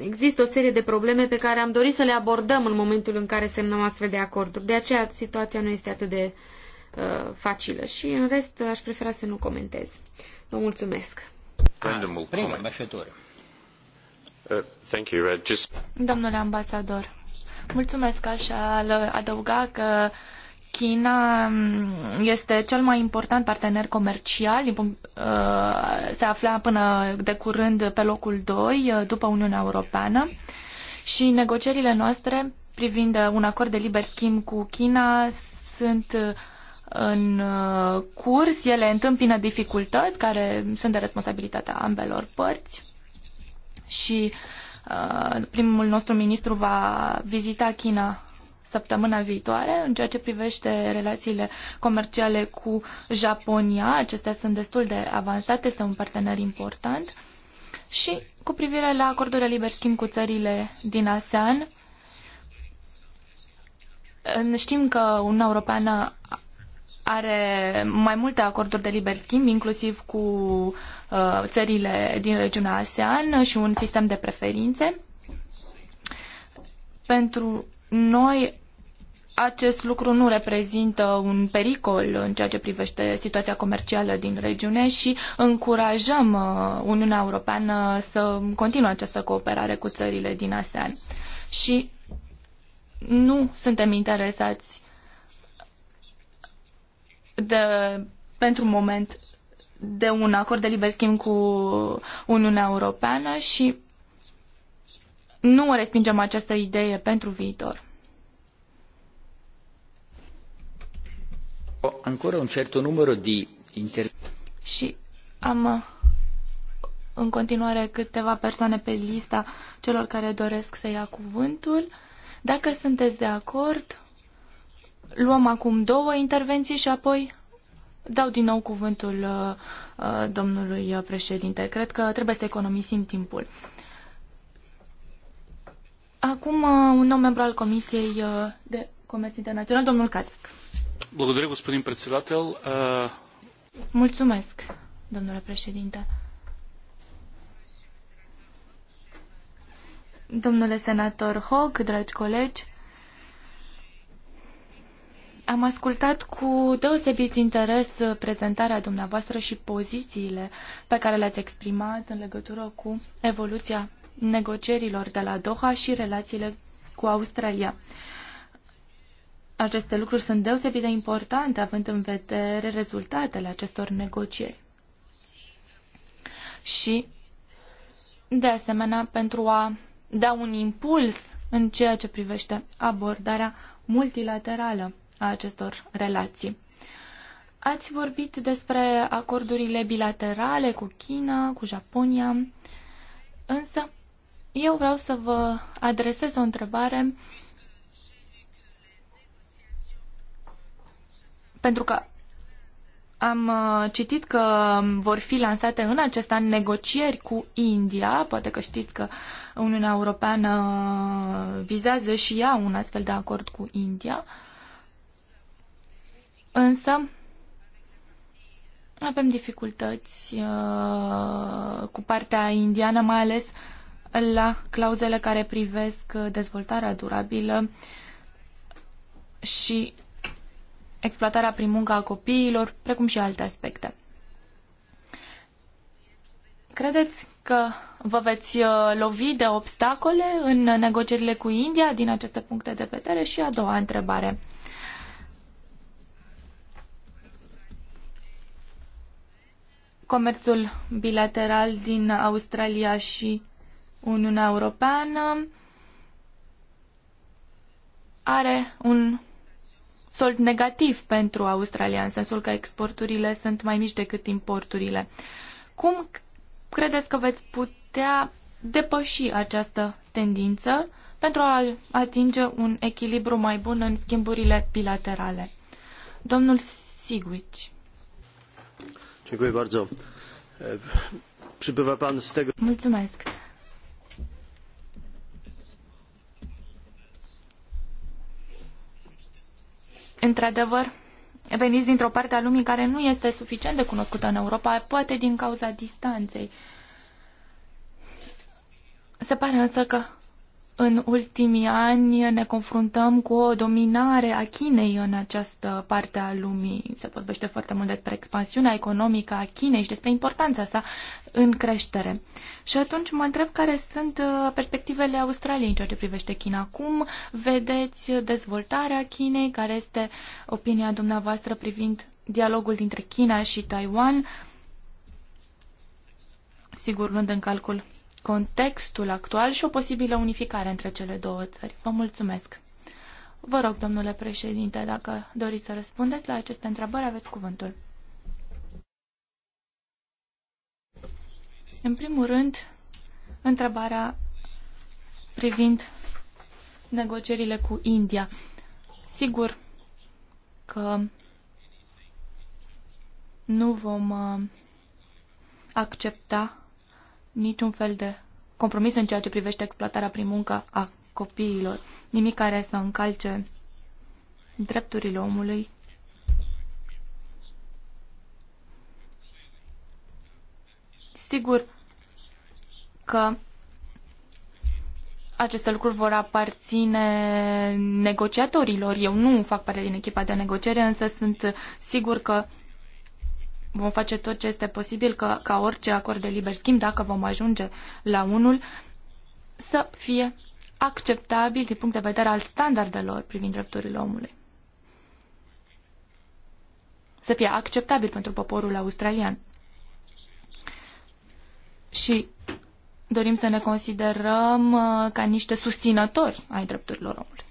există o serie de probleme pe care am dorit să le abordăm în momentul în care semnăm astfel de acorduri. De aceea situația nu este atât de uh, facilă și în rest aș prefera să nu comentez. Vă mulțumesc. Uh, uh, Domnule ambasador, mulțumesc. că Aș adăuga că China mm, este cel mai important partener comercial, uh, se afla până de curând pe locul doi uh, după Uniunea Europeană și negocierile noastre privind uh, un acord de liber schimb cu China sunt în curs, ele întâmpină dificultăți care sunt de responsabilitatea ambelor părți și primul nostru ministru va vizita China săptămâna viitoare în ceea ce privește relațiile comerciale cu Japonia. Acestea sunt destul de avansate, este un partener important. Și cu privire la acordurile liber schimb cu țările din ASEAN, știm că Uniunea Europeană are mai multe acorduri de liber schimb, inclusiv cu uh, țările din regiunea ASEAN și un sistem de preferințe. Pentru noi acest lucru nu reprezintă un pericol în ceea ce privește situația comercială din regiune și încurajăm uh, Uniunea Europeană să continue această cooperare cu țările din ASEAN. Și nu suntem interesați de, pentru moment de un acord de liber schimb cu Uniunea Europeană și nu respingem această idee pentru viitor. Ancora un certo numero di inter... am uh, în continuare câteva persoane pe lista celor care doresc să ia cuvântul. Dacă sunteți de acord, luăm acum două intervenții și apoi dau din nou cuvântul uh, uh domnului uh, președinte. Cred că trebuie să economisim timpul. Acum uh, un nou membru al Comisiei uh, de Comerț Internațional, domnul Kazak. Благодаря, господин председател. Mulțumesc, domnule președinte. Domnule senator Hogg, dragi colegi, am ascultat cu deosebit interes prezentarea dumneavoastră și pozițiile pe care le-ați exprimat în legătură cu evoluția negocierilor de la Doha și relațiile cu Australia. Aceste lucruri sunt deosebit de importante, având în vedere rezultatele acestor negocieri. Și, de asemenea, pentru a da un impuls în ceea ce privește abordarea multilaterală a acestor relații. Ați vorbit despre acordurile bilaterale cu China, cu Japonia, însă eu vreau să vă adresez o întrebare pentru că am uh, citit că vor fi lansate în acest an negocieri cu India. Poate că știți că Uniunea Europeană vizează și ea un astfel de acord cu India. Însă avem dificultăți uh, cu partea indiană, mai ales la clauzele care privesc uh, dezvoltarea durabilă și exploatarea prin muncă a copiilor, precum și alte aspecte. Credeți că vă veți uh, lovi de obstacole în negocierile cu India din aceste puncte de vedere? Și a doua întrebare. Comerțul bilateral din Australia și Uniunea Europeană are un sold negativ pentru Australia, în sensul că exporturile sunt mai mici decât importurile. Cum credeți că veți putea depăși această tendință pentru a atinge un echilibru mai bun în schimburile bilaterale? Domnul Sigwich. Dziękuję bardzo. Przybywa pan z tego... Mulțumesc. într-adevăr, veniți dintr-o parte a lumii care nu este suficient de cunoscută în Europa, poate din cauza distanței. Se pare însă că în ultimii ani ne confruntăm cu o dominare a Chinei în această parte a lumii. Se vorbește foarte mult despre expansiunea economică a Chinei și despre importanța sa în creștere. Și atunci mă întreb care sunt uh, perspectivele Australiei în ceea ce privește China. Cum vedeți dezvoltarea Chinei? Care este opinia dumneavoastră privind dialogul dintre China și Taiwan? Sigur, luând în calcul contextul actual și o posibilă unificare între cele două țări. Vă mulțumesc! Vă rog, domnule președinte, dacă doriți să răspundeți la aceste întrebări, aveți cuvântul. În primul rând, întrebarea privind negocierile cu India. Sigur că nu vom uh, accepta niciun fel de compromis în ceea ce privește exploatarea prin muncă a copiilor, nimic care să încalce drepturile omului. Sigur că aceste lucruri vor aparține negociatorilor. Eu nu fac parte din echipa de negociere, însă sunt sigur că vom face tot ce este posibil ca, ca orice acord de liber schimb, dacă vom ajunge la unul, să fie acceptabil din punct de vedere al standardelor privind drepturile omului. Să fie acceptabil pentru poporul australian. Și dorim să ne considerăm uh, ca niște susținători ai drepturilor omului.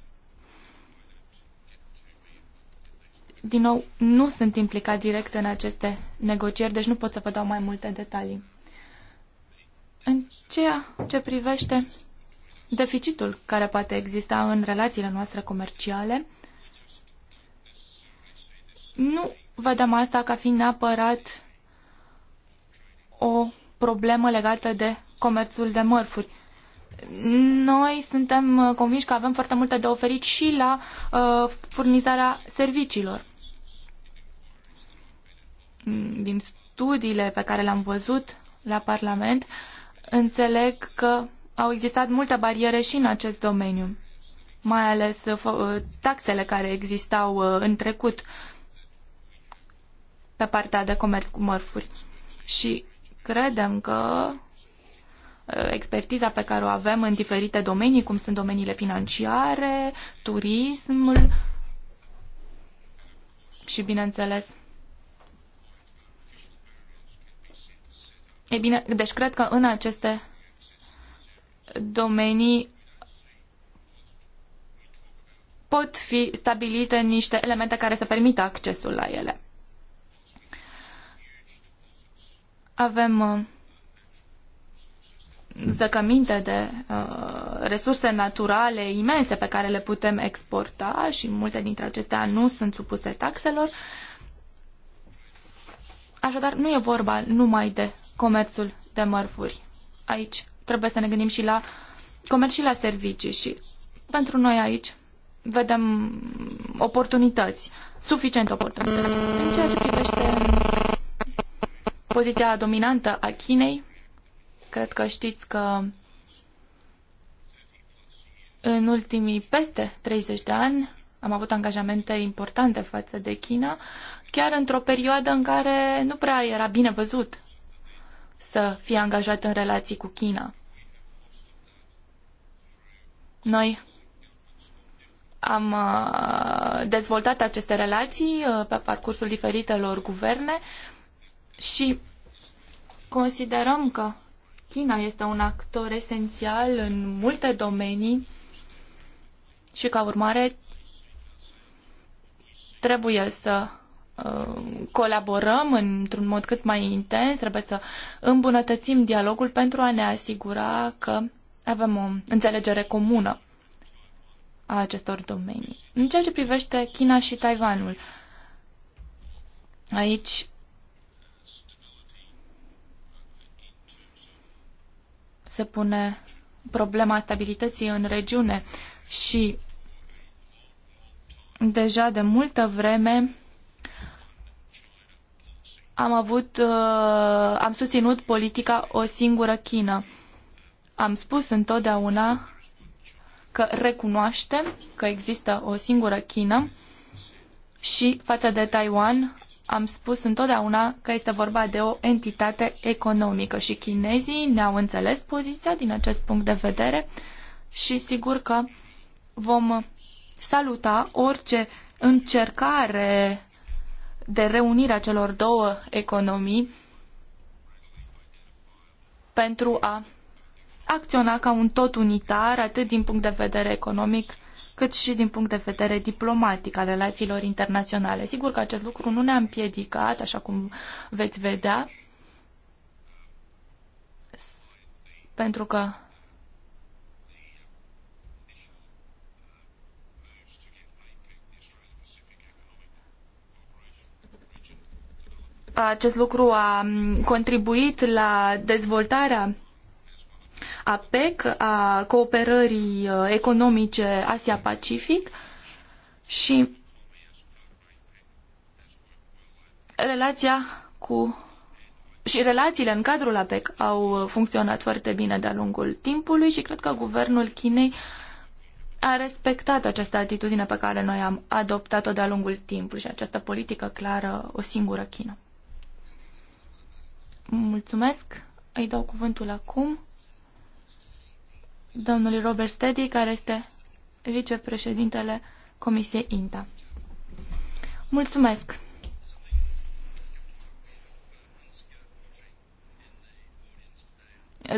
Din nou, nu sunt implicat direct în aceste negocieri, deci nu pot să vă dau mai multe detalii. În ceea ce privește deficitul care poate exista în relațiile noastre comerciale, nu vedem asta ca fiind neapărat o problemă legată de comerțul de mărfuri. Noi suntem convinși că avem foarte multe de oferit și la uh, furnizarea serviciilor din studiile pe care le-am văzut la Parlament, înțeleg că au existat multe bariere și în acest domeniu, mai ales uh, uh, taxele care existau uh, în trecut pe partea de comerț cu mărfuri. Și credem că expertiza pe care o avem în diferite domenii, cum sunt domeniile financiare, turismul și, bineînțeles, E bine, deci cred că în aceste domenii pot fi stabilite niște elemente care să permită accesul la ele. Avem uh, zăcăminte de uh, resurse naturale imense pe care le putem exporta și multe dintre acestea nu sunt supuse taxelor. Uh, Așadar, nu e vorba numai de comerțul de mărfuri. Aici trebuie să ne gândim și la comerț și la servicii și pentru noi aici vedem oportunități, suficiente oportunități. În ceea ce privește poziția dominantă a Chinei, cred că știți că în ultimii peste 30 de ani am avut angajamente importante față de China, chiar într-o perioadă în care nu prea era bine văzut să fie angajat în relații cu China. Noi am uh, dezvoltat aceste relații uh, pe parcursul diferitelor guverne și considerăm că China este un actor esențial în multe domenii și ca urmare Trebuie să uh, colaborăm într-un mod cât mai intens, trebuie să îmbunătățim dialogul pentru a ne asigura că avem o înțelegere comună a acestor domenii. În ceea ce privește China și Taiwanul, aici se pune problema stabilității în regiune și deja de multă vreme am avut, uh, am susținut politica o singură China. Am spus întotdeauna că recunoaștem că există o singură China și față de Taiwan am spus întotdeauna că este vorba de o entitate economică și chinezii ne-au înțeles poziția din acest punct de vedere și sigur că vom saluta orice încercare de reunire a celor două economii pentru a acționa ca un tot unitar, atât din punct de vedere economic, cât și din punct de vedere diplomatic al relațiilor internaționale. Sigur că acest lucru nu ne-a împiedicat, așa cum veți vedea, pentru că acest lucru a contribuit la dezvoltarea APEC, a cooperării uh, economice Asia-Pacific și relația cu și relațiile în cadrul APEC au funcționat foarte bine de-a lungul timpului și cred că guvernul Chinei a respectat această atitudine pe care noi am adoptat-o de-a lungul timpului și această politică clară, o singură China. Mulțumesc. Îi dau cuvântul acum domnului Robert Steady, care este vicepreședintele Comisiei INTA. Mulțumesc.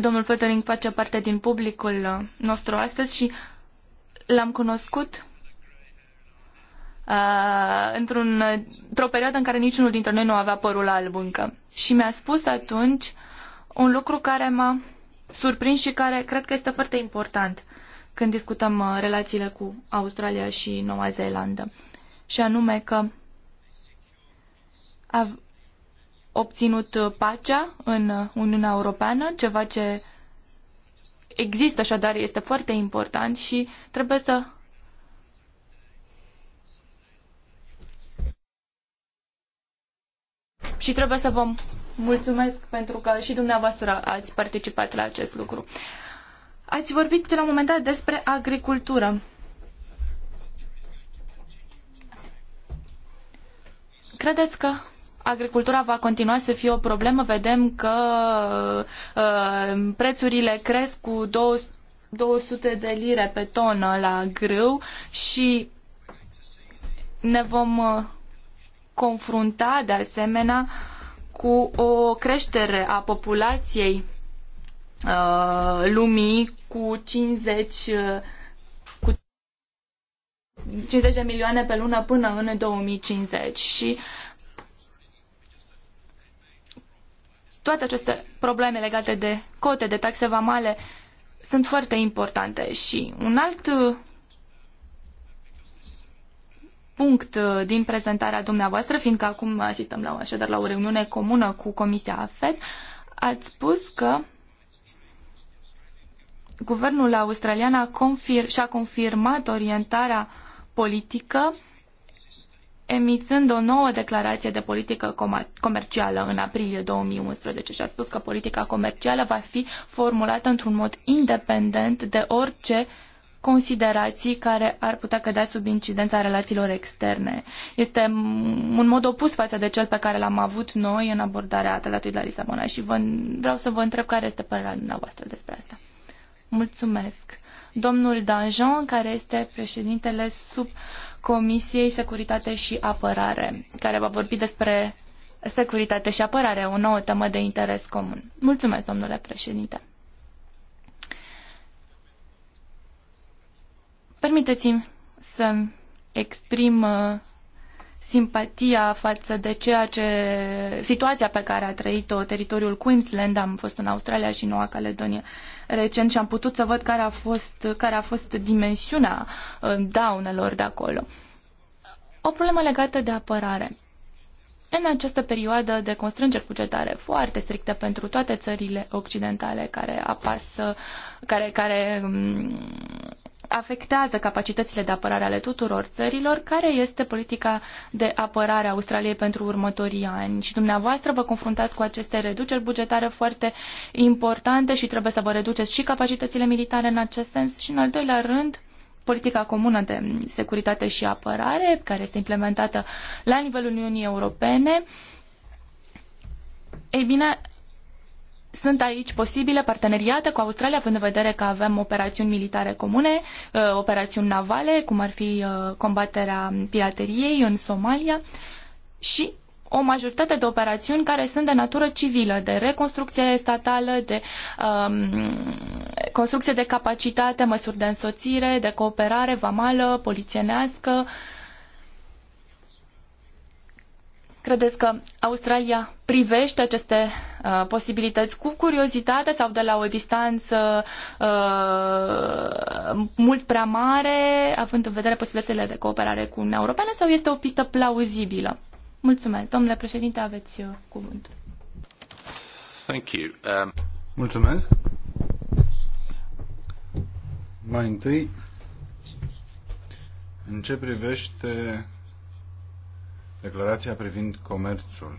Domnul Fettering face parte din publicul nostru astăzi și l-am cunoscut Uh, într-un, într-o perioadă în care niciunul dintre noi nu avea părul alb încă. Și mi-a spus atunci un lucru care m-a surprins și care cred că este foarte important când discutăm uh, relațiile cu Australia și Noua Zeelandă. Și anume că a obținut pacea în Uniunea Europeană, ceva ce există așadar, este foarte important și trebuie să și trebuie să vă mulțumesc pentru că și dumneavoastră ați participat la acest lucru. Ați vorbit la un moment dat despre agricultură. Credeți că agricultura va continua să fie o problemă? Vedem că uh, prețurile cresc cu 200 de lire pe tonă la grâu și ne vom uh, confrunta de asemenea cu o creștere a populației uh, lumii cu 50 uh, cu 50 de milioane pe lună până în 2050 și toate aceste probleme legate de cote, de taxe vamale sunt foarte importante și un alt punct uh, din prezentarea dumneavoastră, fiindcă acum asistăm la, așadar la o reuniune comună cu Comisia FED, ați spus că guvernul australian a confir- și-a confirmat orientarea politică emițând o nouă declarație de politică comercială în aprilie 2011 și a spus că politica comercială va fi formulată într-un mod independent de orice uh, considerații care ar putea cădea sub incidența relațiilor externe. Este un mod opus față de cel pe care l-am avut noi în abordarea tratatului de la Lisabona și vă, vreau să vă întreb care este părerea dumneavoastră despre asta. Mulțumesc. Domnul Danjean, care este președintele subcomisiei Securitate și Apărare, care va vorbi despre securitate și apărare, o nouă temă de interes comun. Mulțumesc, domnule președinte. Permiteți-mi să-mi exprim uh, simpatia față de ceea ce situația pe care a trăit-o teritoriul Queensland, am fost în Australia și Noua Caledonie recent și am putut să văd care a fost, care a fost dimensiunea uh, daunelor de acolo. O problemă legată de apărare. În această perioadă de constrângeri bugetare foarte stricte pentru toate țările occidentale care apasă, care, care um, afectează capacitățile de apărare ale tuturor țărilor, care este politica de apărare a Australiei pentru următorii ani. Și dumneavoastră vă confruntați cu aceste reduceri bugetare foarte importante și trebuie să vă reduceți și capacitățile militare în acest sens. Și în al doilea rând, politica comună de securitate și apărare, care este implementată la nivelul Uniunii Europene. Ei bine, sunt aici posibile parteneriate cu Australia, având în vedere că avem operațiuni militare comune, uh, operațiuni navale, cum ar fi uh, combaterea pirateriei în Somalia și o majoritate de operațiuni care sunt de natură civilă, de reconstrucție statală, de um, construcție de capacitate, măsuri de însoțire, de cooperare vamală, polițienească. Credeți că Australia privește aceste Uh, posibilități cu curiozitate sau de la o distanță uh, mult prea mare, având în vedere posibilitățile de cooperare cu Uniunea Europeană, sau este o pistă plauzibilă? Mulțumesc. Domnule președinte, aveți uh, cuvântul. Thank you. Um... Mulțumesc. Mai întâi, în ce privește declarația privind comerțul.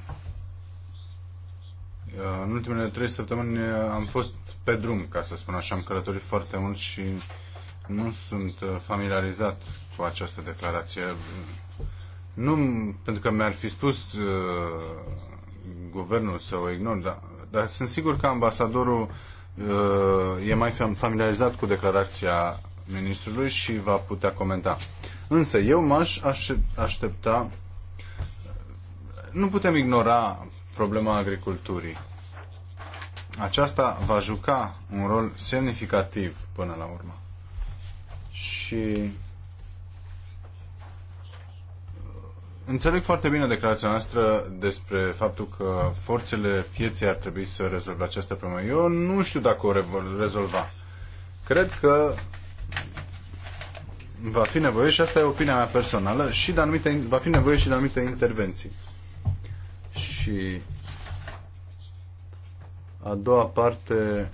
Uh, în ultimele trei săptămâni uh, am fost pe drum, ca să spun așa, am călătorit foarte mult și nu sunt uh, familiarizat cu această declarație. Nu pentru că mi-ar fi spus uh, guvernul să o ignor, dar, dar sunt sigur că ambasadorul uh, e mai familiarizat cu declarația ministrului și va putea comenta. Însă eu m-aș aștepta nu putem ignora problema agriculturii. Aceasta va juca un rol semnificativ până la urmă. Și uh, Înțeleg foarte bine declarația noastră despre faptul că forțele pieței ar trebui să rezolve această problemă. Eu nu știu dacă o rezolva. Cred că va fi nevoie, și asta e opinia mea personală, și de anumite, va fi nevoie și de anumite intervenții și a doua parte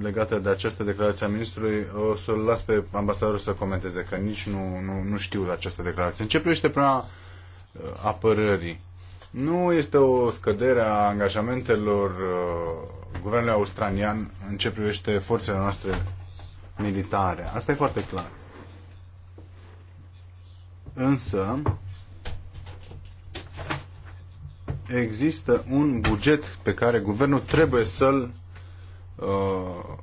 legată de această declarație a ministrului, o să-l las pe ambasadorul să comenteze, că nici nu, nu, nu știu de această declarație. În ce privește problema uh, apărării, nu este o scădere a angajamentelor uh, guvernului australian în ce privește forțele noastre militare. Asta e foarte clar. Însă, există un buget pe care guvernul trebuie să-l uh,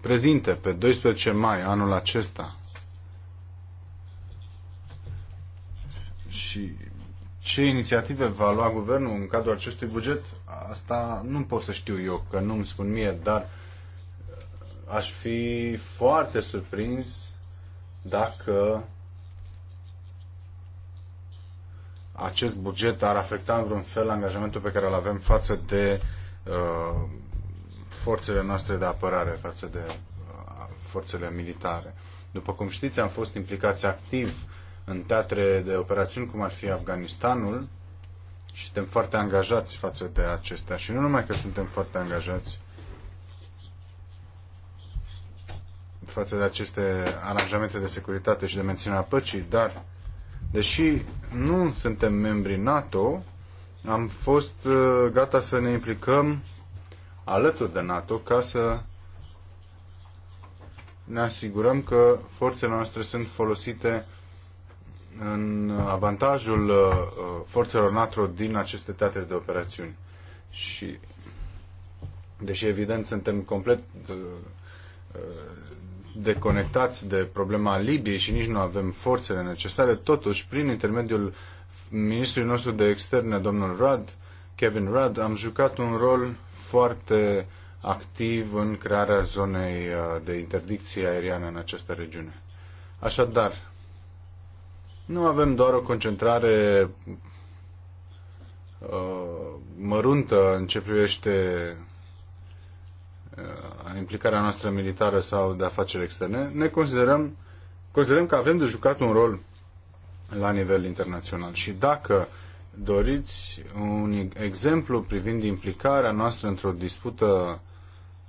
prezinte pe 12 mai anul acesta. Și ce inițiative va lua guvernul în cadrul acestui buget, asta nu pot să știu eu, că nu-mi spun mie, dar uh, aș fi foarte surprins dacă acest buget ar afecta în vreun fel angajamentul pe care îl avem față de uh, forțele noastre de apărare, față de uh, forțele militare. După cum știți, am fost implicați activ în teatre de operațiuni, cum ar fi Afganistanul, și suntem foarte angajați față de acestea. Și nu numai că suntem foarte angajați față de aceste aranjamente de securitate și de menținerea păcii, dar Deși nu suntem membri NATO, am fost uh, gata să ne implicăm alături de NATO ca să ne asigurăm că forțele noastre sunt folosite în avantajul uh, forțelor NATO din aceste teatre de operațiuni. Și, deși evident suntem complet uh, deconectați de problema Libiei și nici nu avem forțele necesare, totuși, prin intermediul ministrului nostru de externe, domnul Rudd, Kevin Rudd, am jucat un rol foarte activ în crearea zonei uh, de interdicție aeriană în această regiune. Așadar, nu avem doar o concentrare uh, măruntă în ce privește Uh, implicarea noastră militară sau de afaceri externe, ne considerăm, considerăm că avem de jucat un rol la nivel internațional. Și dacă doriți un exemplu privind implicarea noastră într-o dispută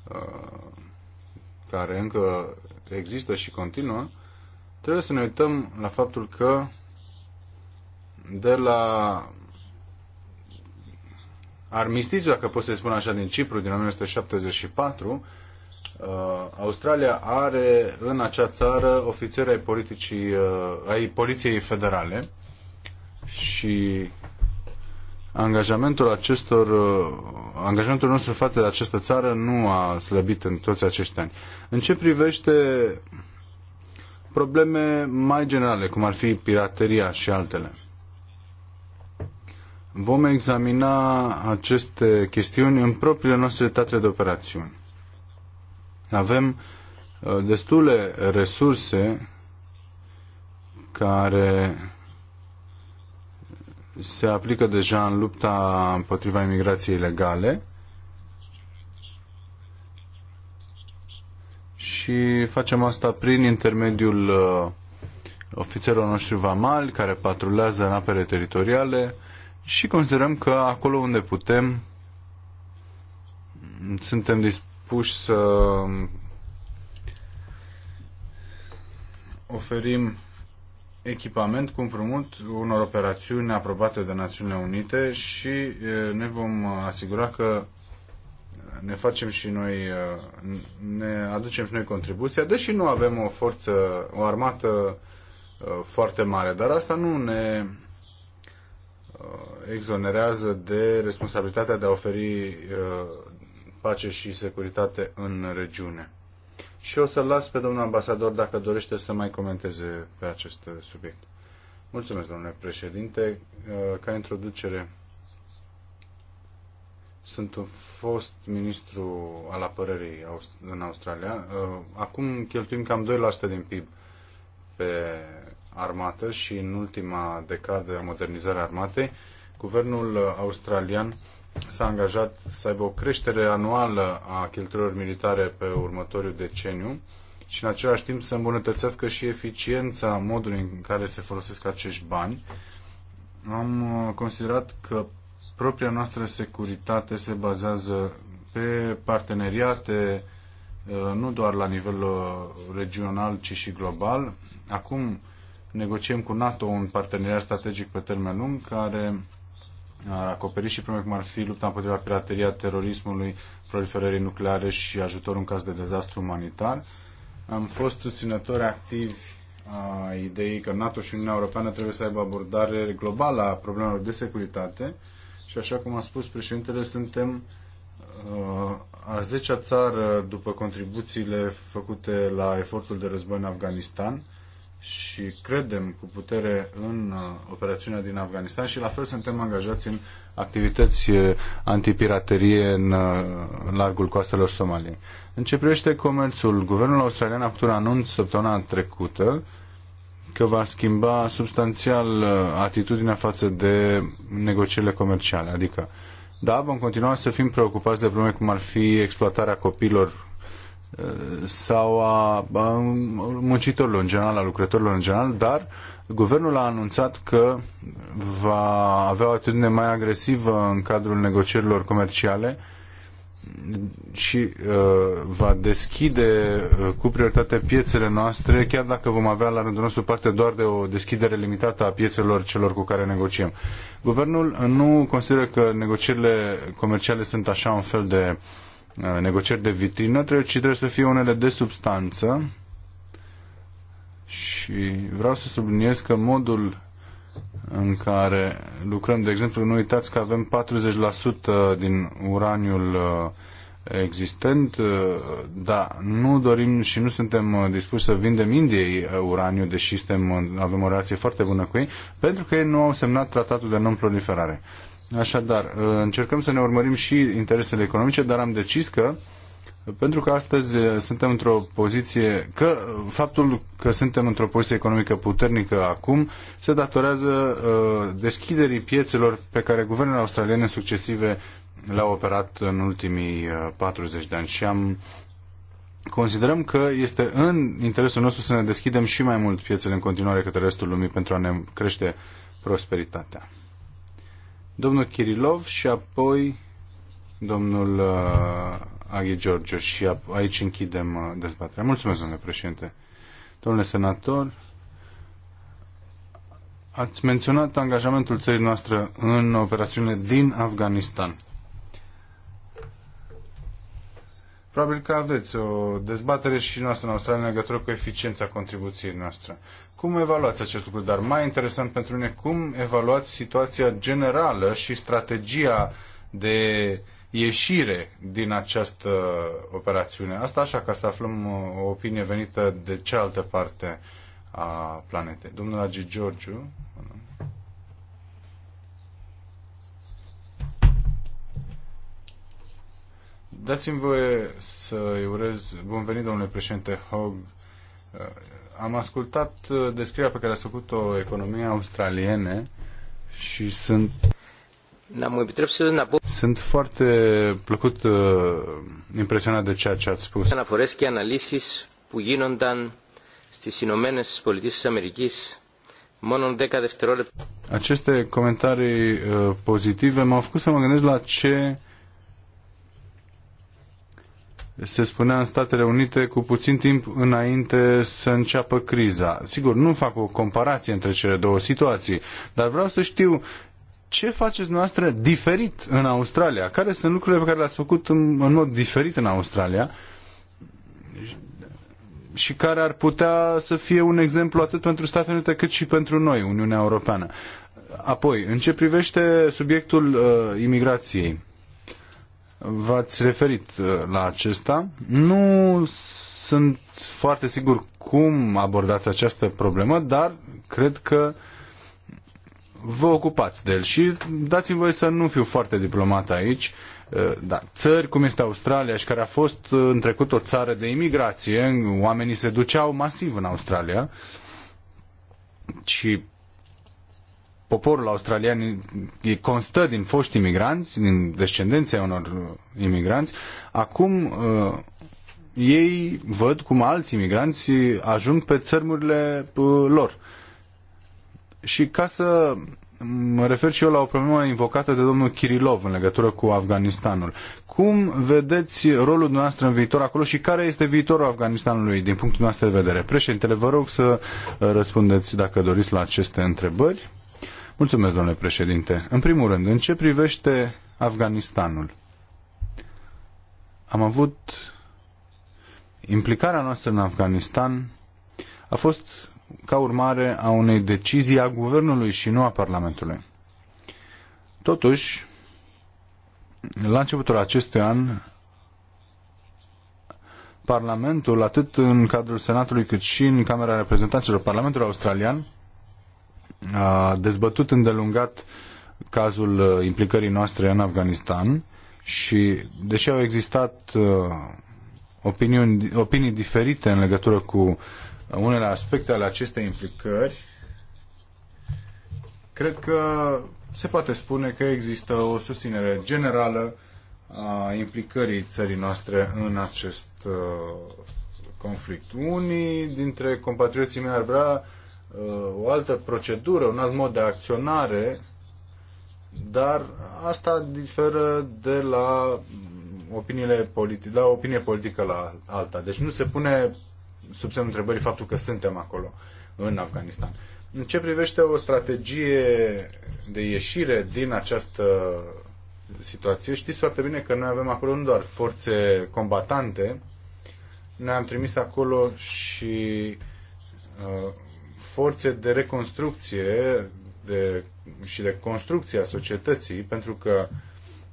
uh, care încă există și continuă, trebuie să ne uităm la faptul că de la armistițiu, dacă pot să spun așa, din Cipru din 1974, uh, Australia are în acea țară ofițeri ai, politicii, uh, ai Poliției Federale și angajamentul acestor uh, angajamentul nostru față de această țară nu a slăbit în toți acești ani. În ce privește probleme mai generale, cum ar fi pirateria și altele. Vom examina aceste chestiuni în propriile noastre teatre de operațiuni. Avem uh, destule resurse care se aplică deja în lupta împotriva imigrației ilegale și facem asta prin intermediul uh, ofițerilor noștri vamali care patrulează în apele teritoriale, și considerăm că acolo unde putem suntem dispuși să oferim echipament cu împrumut unor operațiuni aprobate de Națiunile Unite și ne vom asigura că ne facem și noi, ne aducem și noi contribuția, deși nu avem o forță, o armată foarte mare, dar asta nu ne exonerează de responsabilitatea de a oferi uh, pace și securitate în regiune. Și o să-l las pe domnul ambasador dacă dorește să mai comenteze pe acest subiect. Mulțumesc, domnule președinte. Uh, ca introducere, sunt un fost ministru al apărării în Australia. Uh, acum cheltuim cam 2% din PIB pe armată și în ultima decadă a modernizării armatei guvernul australian s-a angajat să aibă o creștere anuală a cheltuielor militare pe următorul deceniu și în același timp să îmbunătățească și eficiența modului în care se folosesc acești bani. Am uh, considerat că propria noastră securitate se bazează pe parteneriate uh, nu doar la nivel uh, regional, ci și global. Acum negociem cu NATO un parteneriat strategic pe termen lung care ar acoperi și probleme cum ar fi lupta împotriva pirateria, terorismului, proliferării nucleare și ajutorul în caz de dezastru umanitar. Am fost susținători activi a ideii că NATO și Uniunea Europeană trebuie să aibă abordare globală a problemelor de securitate și așa cum a spus președintele, suntem uh, a zecea țară după contribuțiile făcute la efortul de război în Afganistan și credem cu putere în uh, operațiunea din Afganistan și la fel suntem angajați în activități uh, antipiraterie în, uh, în largul coastelor Somaliei. În ce privește comerțul, guvernul australian a făcut un anunț săptămâna trecută că va schimba substanțial atitudinea față de negocierile comerciale. Adică, da, vom continua să fim preocupați de probleme cum ar fi exploatarea copiilor sau a muncitorilor în general, a lucrătorilor în general, dar guvernul a anunțat că va avea o atitudine mai agresivă în cadrul negocierilor comerciale și uh, va deschide uh, cu prioritate piețele noastre, chiar dacă vom avea la rândul nostru parte doar de o deschidere limitată a piețelor celor cu care negociem. Guvernul nu consideră că negocierile comerciale sunt așa un fel de uh, Uh, negocieri de vitrină, trebuie, ci trebuie să fie unele de substanță și vreau să subliniez că modul în care lucrăm, de exemplu, nu uitați că avem 40% din uraniul uh, existent, uh, dar nu dorim și nu suntem dispuși să vindem Indiei uraniu, deși suntem, avem o relație foarte bună cu ei, pentru că ei nu au semnat tratatul de non-proliferare. Așadar, uh, încercăm să ne urmărim și interesele economice, dar am decis că pentru că astăzi uh, suntem într-o poziție, că uh, faptul că suntem într-o poziție economică puternică acum se datorează deschiderii piețelor pe care guvernele australiene succesive le-au operat în ultimii 40 de ani și am considerăm că este în interesul nostru să ne deschidem și mai mult piețele în continuare către restul lumii pentru a ne crește prosperitatea domnul Kirilov și apoi domnul uh, Aghi Georgiu și aici închidem uh, dezbaterea. Mulțumesc, domnule președinte. Domnule senator, ați menționat angajamentul țării noastre în operațiune din Afganistan. Probabil că aveți o dezbatere și noastră în Australia în legătură cu eficiența contribuției noastre. Cum evaluați acest lucru? Dar mai interesant pentru mine, cum evaluați situația generală și strategia de ieșire din această operațiune? Asta așa, ca să aflăm uh, o opinie venită de cealaltă parte a planetei. Domnul Agi Georgiu. Bună. Dați-mi voie să-i urez bun venit, domnule președinte Hogg. Am ascultat uh, descrierea pe care a făcut-o economia australiene și sunt... Sunt foarte plăcut uh, impresionat de ceea ce ați spus. Αναφορές και αναλύσεις που γίνονταν στις Ηνωμένες Πολιτείες της Αμερικής μόνο 10 δευτερόλεπτα. Aceste comentarii uh, pozitive m-au făcut să mă gândesc la ce se spunea în Statele Unite cu puțin timp înainte să înceapă criza. Sigur, nu fac o comparație între cele două situații, dar vreau să știu ce faceți noastră diferit în Australia? Care sunt lucrurile pe care le-ați făcut în, în mod diferit în Australia? și care ar putea să fie un exemplu atât pentru Statele Unite cât și pentru noi, Uniunea Europeană. Apoi, în ce privește subiectul uh, imigrației, V-ați referit uh, la acesta. Nu sunt foarte sigur cum abordați această problemă, dar cred că vă ocupați de el și dați-mi voie să nu fiu foarte diplomat aici, da, țări cum este Australia și care a fost uh, în trecut o țară de imigrație, oamenii se duceau masiv în Australia și poporul australian constă din foști imigranți, din descendenția unor imigranți, acum uh, ei văd cum alți imigranți ajung pe țărmurile uh, lor. Și ca să mă refer și eu la o problemă invocată de domnul Kirilov în legătură cu Afganistanul. Cum vedeți rolul dumneavoastră în viitor acolo și care este viitorul Afganistanului din punctul dumneavoastră de vedere? Președintele, vă rog să uh, răspundeți dacă doriți la aceste întrebări. Mulțumesc, domnule președinte. În primul rând, în ce privește Afganistanul? Am avut implicarea noastră în Afganistan a fost ca urmare a unei decizii a guvernului și nu a Parlamentului. Totuși, la începutul acestui an, Parlamentul, atât în cadrul Senatului cât și în Camera Reprezentanților Parlamentului Australian, a dezbătut îndelungat cazul uh, implicării noastre în Afganistan și deși au existat uh, opiniuni, opinii diferite în legătură cu unele aspecte ale acestei implicări, cred că se poate spune că există o susținere generală a implicării țării noastre în acest uh, conflict. Unii dintre compatrioții mei ar vrea Uh, o altă procedură, un alt mod de acționare, dar asta diferă de la opiniile politice, la opinie politică la alta. Deci nu se pune sub semnul întrebării faptul că suntem acolo, în Afganistan. În ce privește o strategie de ieșire din această situație, știți foarte bine că noi avem acolo nu doar forțe combatante, ne am trimis acolo și uh, forțe de reconstrucție de, și de construcție a societății, pentru că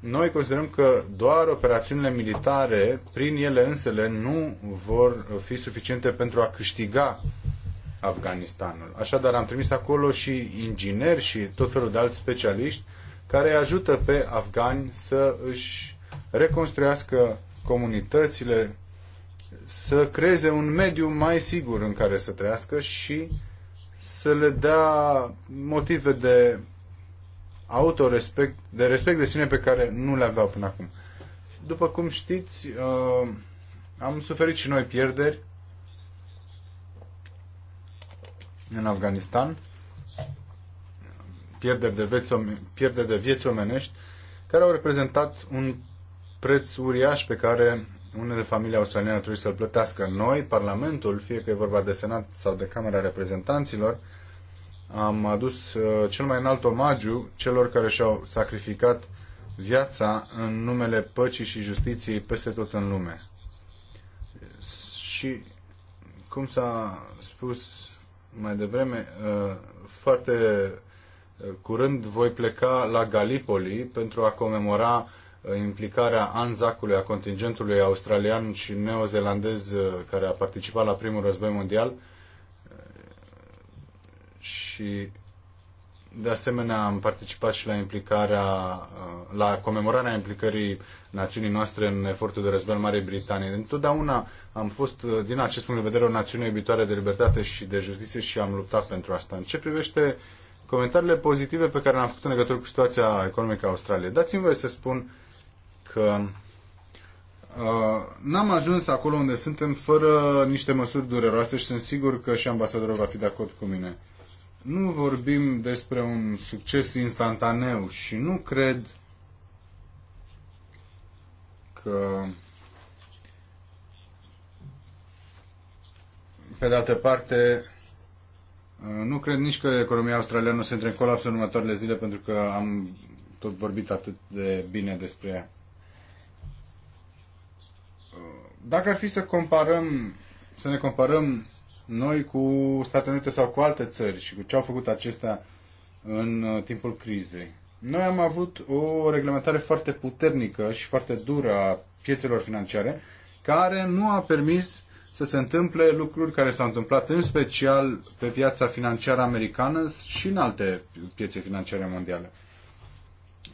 noi considerăm că doar operațiunile militare, prin ele însele, nu vor fi suficiente pentru a câștiga Afganistanul. Așadar, am trimis acolo și ingineri și tot felul de alți specialiști care ajută pe afgani să își reconstruiască comunitățile, să creeze un mediu mai sigur în care să trăiască și să le dea motive de autorespect, de respect de sine pe care nu le aveau până acum. După cum știți, uh, am suferit și noi pierderi în Afganistan, pierderi de, vieți, pierderi de vieți omenești, care au reprezentat un preț uriaș pe care unele familii australiene ar trebui să-l plătească. Noi, Parlamentul, fie că e vorba de Senat sau de Camera Reprezentanților, am adus uh, cel mai înalt omagiu celor care și-au sacrificat viața în numele păcii și justiției peste tot în lume. Și, cum s-a spus mai devreme, uh, foarte uh, curând voi pleca la Gallipoli pentru a comemora Uh, implicarea Anzacului, a contingentului australian și neozelandez uh, care a participat la primul război mondial uh, și de asemenea am participat și la implicarea, la comemorarea implicării națiunii noastre în efortul de război al Marii Britanii. Întotdeauna am fost, din acest punct de vedere, o națiune iubitoare de libertate și de justiție și am luptat pentru asta. În ce privește comentariile pozitive pe care le-am făcut în legătură cu situația economică a Australiei, dați-mi voie să spun că uh, n-am ajuns acolo unde suntem fără niște măsuri dureroase și sunt sigur că și ambasadorul va fi de acord cu mine. Nu vorbim despre un succes instantaneu și nu cred că pe de altă parte uh, nu cred nici că economia australiană se intre în colaps în următoarele zile pentru că am tot vorbit atât de bine despre ea. Dacă ar fi să comparăm, să ne comparăm noi cu Statele Unite sau cu alte țări și cu ce au făcut acestea în uh, timpul crizei, noi am avut o reglementare foarte puternică și foarte dură a piețelor financiare, care nu a permis să se întâmple lucruri care s-au întâmplat în special pe piața financiară americană și în alte piețe financiare mondiale.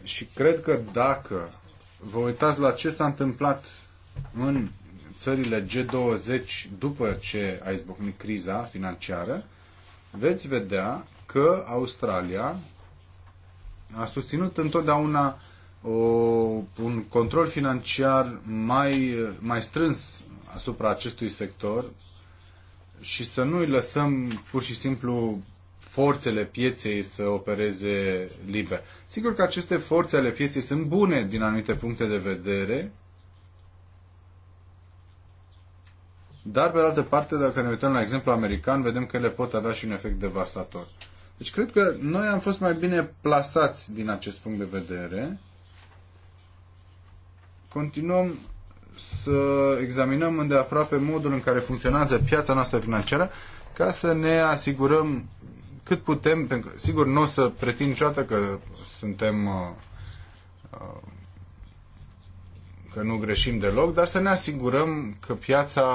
Și cred că dacă vă uitați la ce s-a întâmplat în țările G20 după ce a izbucnit criza financiară, veți vedea că Australia a susținut întotdeauna o, un control financiar mai, mai strâns asupra acestui sector și să nu îi lăsăm pur și simplu forțele pieței să opereze liber. Sigur că aceste forțe ale pieței sunt bune din anumite puncte de vedere, Dar, pe de altă parte, dacă ne uităm la exemplu american, vedem că ele pot avea și un efect devastator. Deci cred că noi am fost mai bine plasați din acest punct de vedere. Continuăm să examinăm îndeaproape modul în care funcționează piața noastră financiară ca să ne asigurăm cât putem, pentru că sigur nu o să pretind niciodată că suntem uh, uh, că nu greșim deloc, dar să ne asigurăm că piața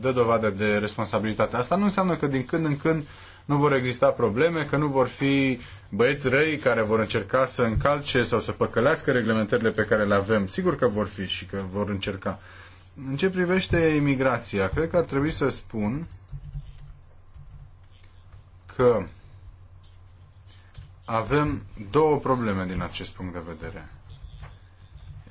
dă dovadă de responsabilitate. Asta nu înseamnă că din când în când nu vor exista probleme, că nu vor fi băieți răi care vor încerca să încalce sau să păcălească reglementările pe care le avem. Sigur că vor fi și că vor încerca. În ce privește imigrația, cred că ar trebui să spun că avem două probleme din acest punct de vedere.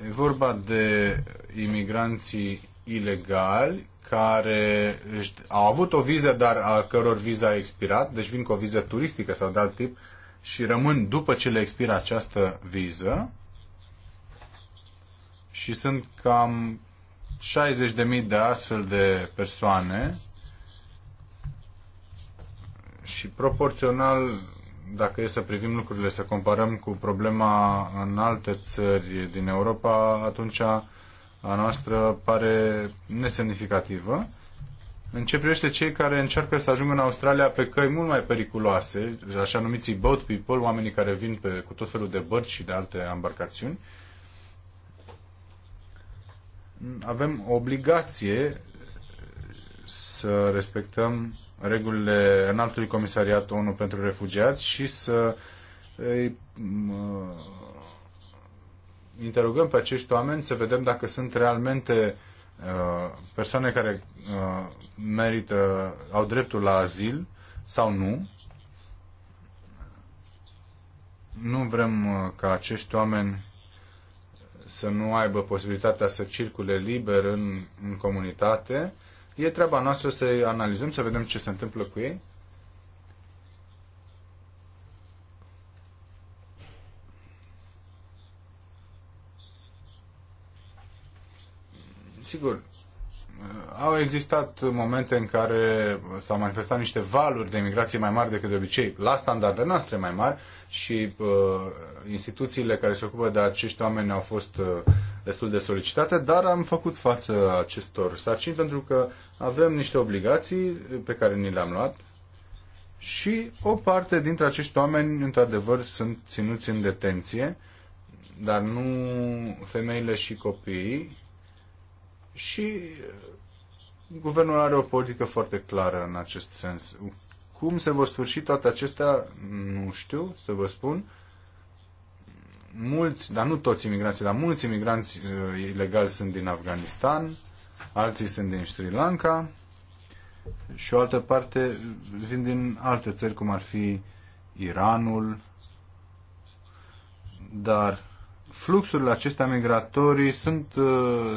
E vorba de imigranții ilegali care au avut o viză, dar a căror viză a expirat, deci vin cu o viză turistică sau de alt tip și rămân după ce le expiră această viză și sunt cam 60.000 de astfel de persoane și proporțional, dacă e să privim lucrurile, să comparăm cu problema în alte țări din Europa, atunci a noastră pare nesemnificativă. În ce privește cei care încearcă să ajungă în Australia pe căi mult mai periculoase, așa numiții boat people, oamenii care vin pe, cu tot felul de bărci și de alte embarcațiuni, avem obligație să respectăm regulile Înaltului Comisariat ONU pentru Refugiați și să îi interogăm pe acești oameni să vedem dacă sunt realmente uh, persoane care uh, merită, au dreptul la azil sau nu. Nu vrem uh, ca acești oameni să nu aibă posibilitatea să circule liber în, în comunitate. E treaba noastră să analizăm, să vedem ce se întâmplă cu ei sigur, au existat momente în care s-au manifestat niște valuri de imigrație mai mari decât de obicei, la standarde noastre mai mari și uh, instituțiile care se ocupă de acești oameni au fost uh, destul de solicitate, dar am făcut față acestor sarcini pentru că avem niște obligații pe care ni le-am luat și o parte dintre acești oameni, într-adevăr, sunt ținuți în detenție, dar nu femeile și copiii, și uh, guvernul are o politică foarte clară în acest sens. Cum se vor sfârși toate acestea, nu știu, să vă spun. Mulți, dar nu toți imigranții, dar mulți imigranți uh, ilegali sunt din Afganistan, alții sunt din Sri Lanka și o altă parte vin din alte țări, cum ar fi Iranul, dar fluxurile acestea migratorii sunt uh,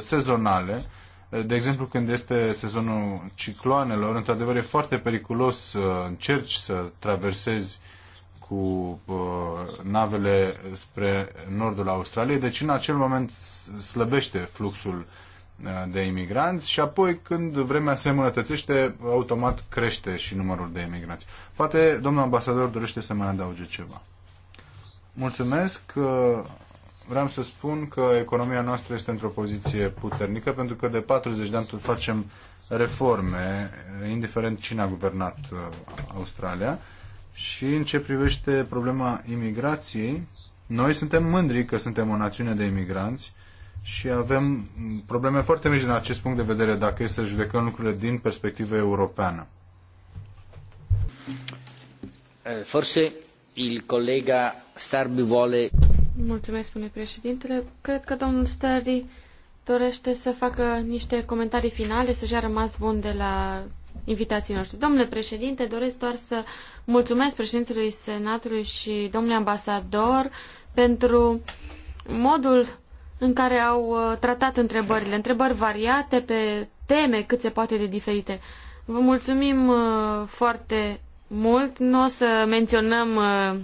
sezonale. Uh, de exemplu, când este sezonul cicloanelor, într-adevăr e foarte periculos să încerci să traversezi cu uh, navele spre nordul Australiei, deci în acel moment slăbește fluxul de imigranți și apoi când vremea se îmbunătățește, automat crește și numărul de imigranți. Poate domnul ambasador dorește să mai adauge ceva. Mulțumesc vreau să spun că economia noastră este într-o poziție puternică pentru că de 40 de ani tot facem reforme, indiferent cine a guvernat uh, Australia. Și în ce privește problema imigrației, noi suntem mândri că suntem o națiune de imigranți și avem probleme foarte mici din acest punct de vedere dacă e să judecăm lucrurile din perspectivă europeană. Eh, forse il collega Starbi vuole Mulțumesc, spune președintele. Cred că domnul Stări dorește să facă niște comentarii finale, să și-a rămas bun de la invitații noștri. Domnule președinte, doresc doar să mulțumesc președintelui Senatului și domnului ambasador pentru modul în care au uh, tratat întrebările, întrebări variate pe teme cât se poate de diferite. Vă mulțumim uh, foarte mult. Nu o să menționăm uh,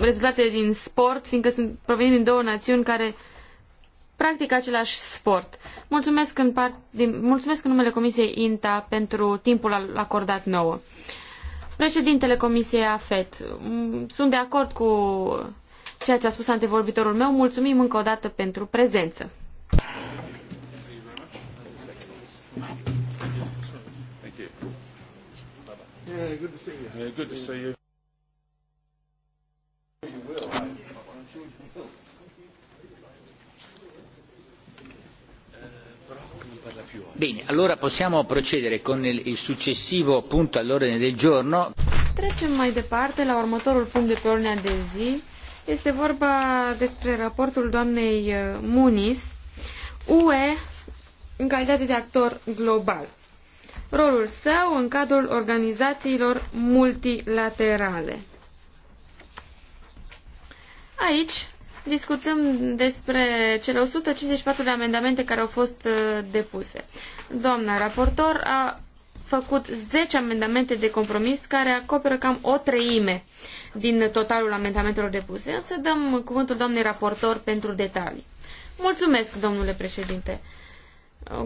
rezultate din sport, fiindcă sunt provenind din două națiuni care practică același sport. Mulțumesc în, part, din, mulțumesc în numele Comisiei INTA pentru timpul acordat nouă. Președintele Comisiei AFET, sunt de acord cu ceea ce a spus antevorbitorul meu. Mulțumim încă o dată pentru prezență. Yeah, good to see you. Yeah, good to see you. Bene, allora possiamo procedere con il successivo punto all'ordine del giorno. Trecem mai departe la următorul punct de pe ordinea de zi. Este vorba despre raportul doamnei uh, Muniz, UE în calitate de actor global. Rolul său în cadrul organizațiilor multilaterale. Aici discutăm despre cele 154 de amendamente care au fost uh, depuse. Doamna raportor a făcut 10 amendamente de compromis care acoperă cam o treime din totalul amendamentelor depuse, însă dăm cuvântul doamnei raportor pentru detalii. Mulțumesc, domnule președinte.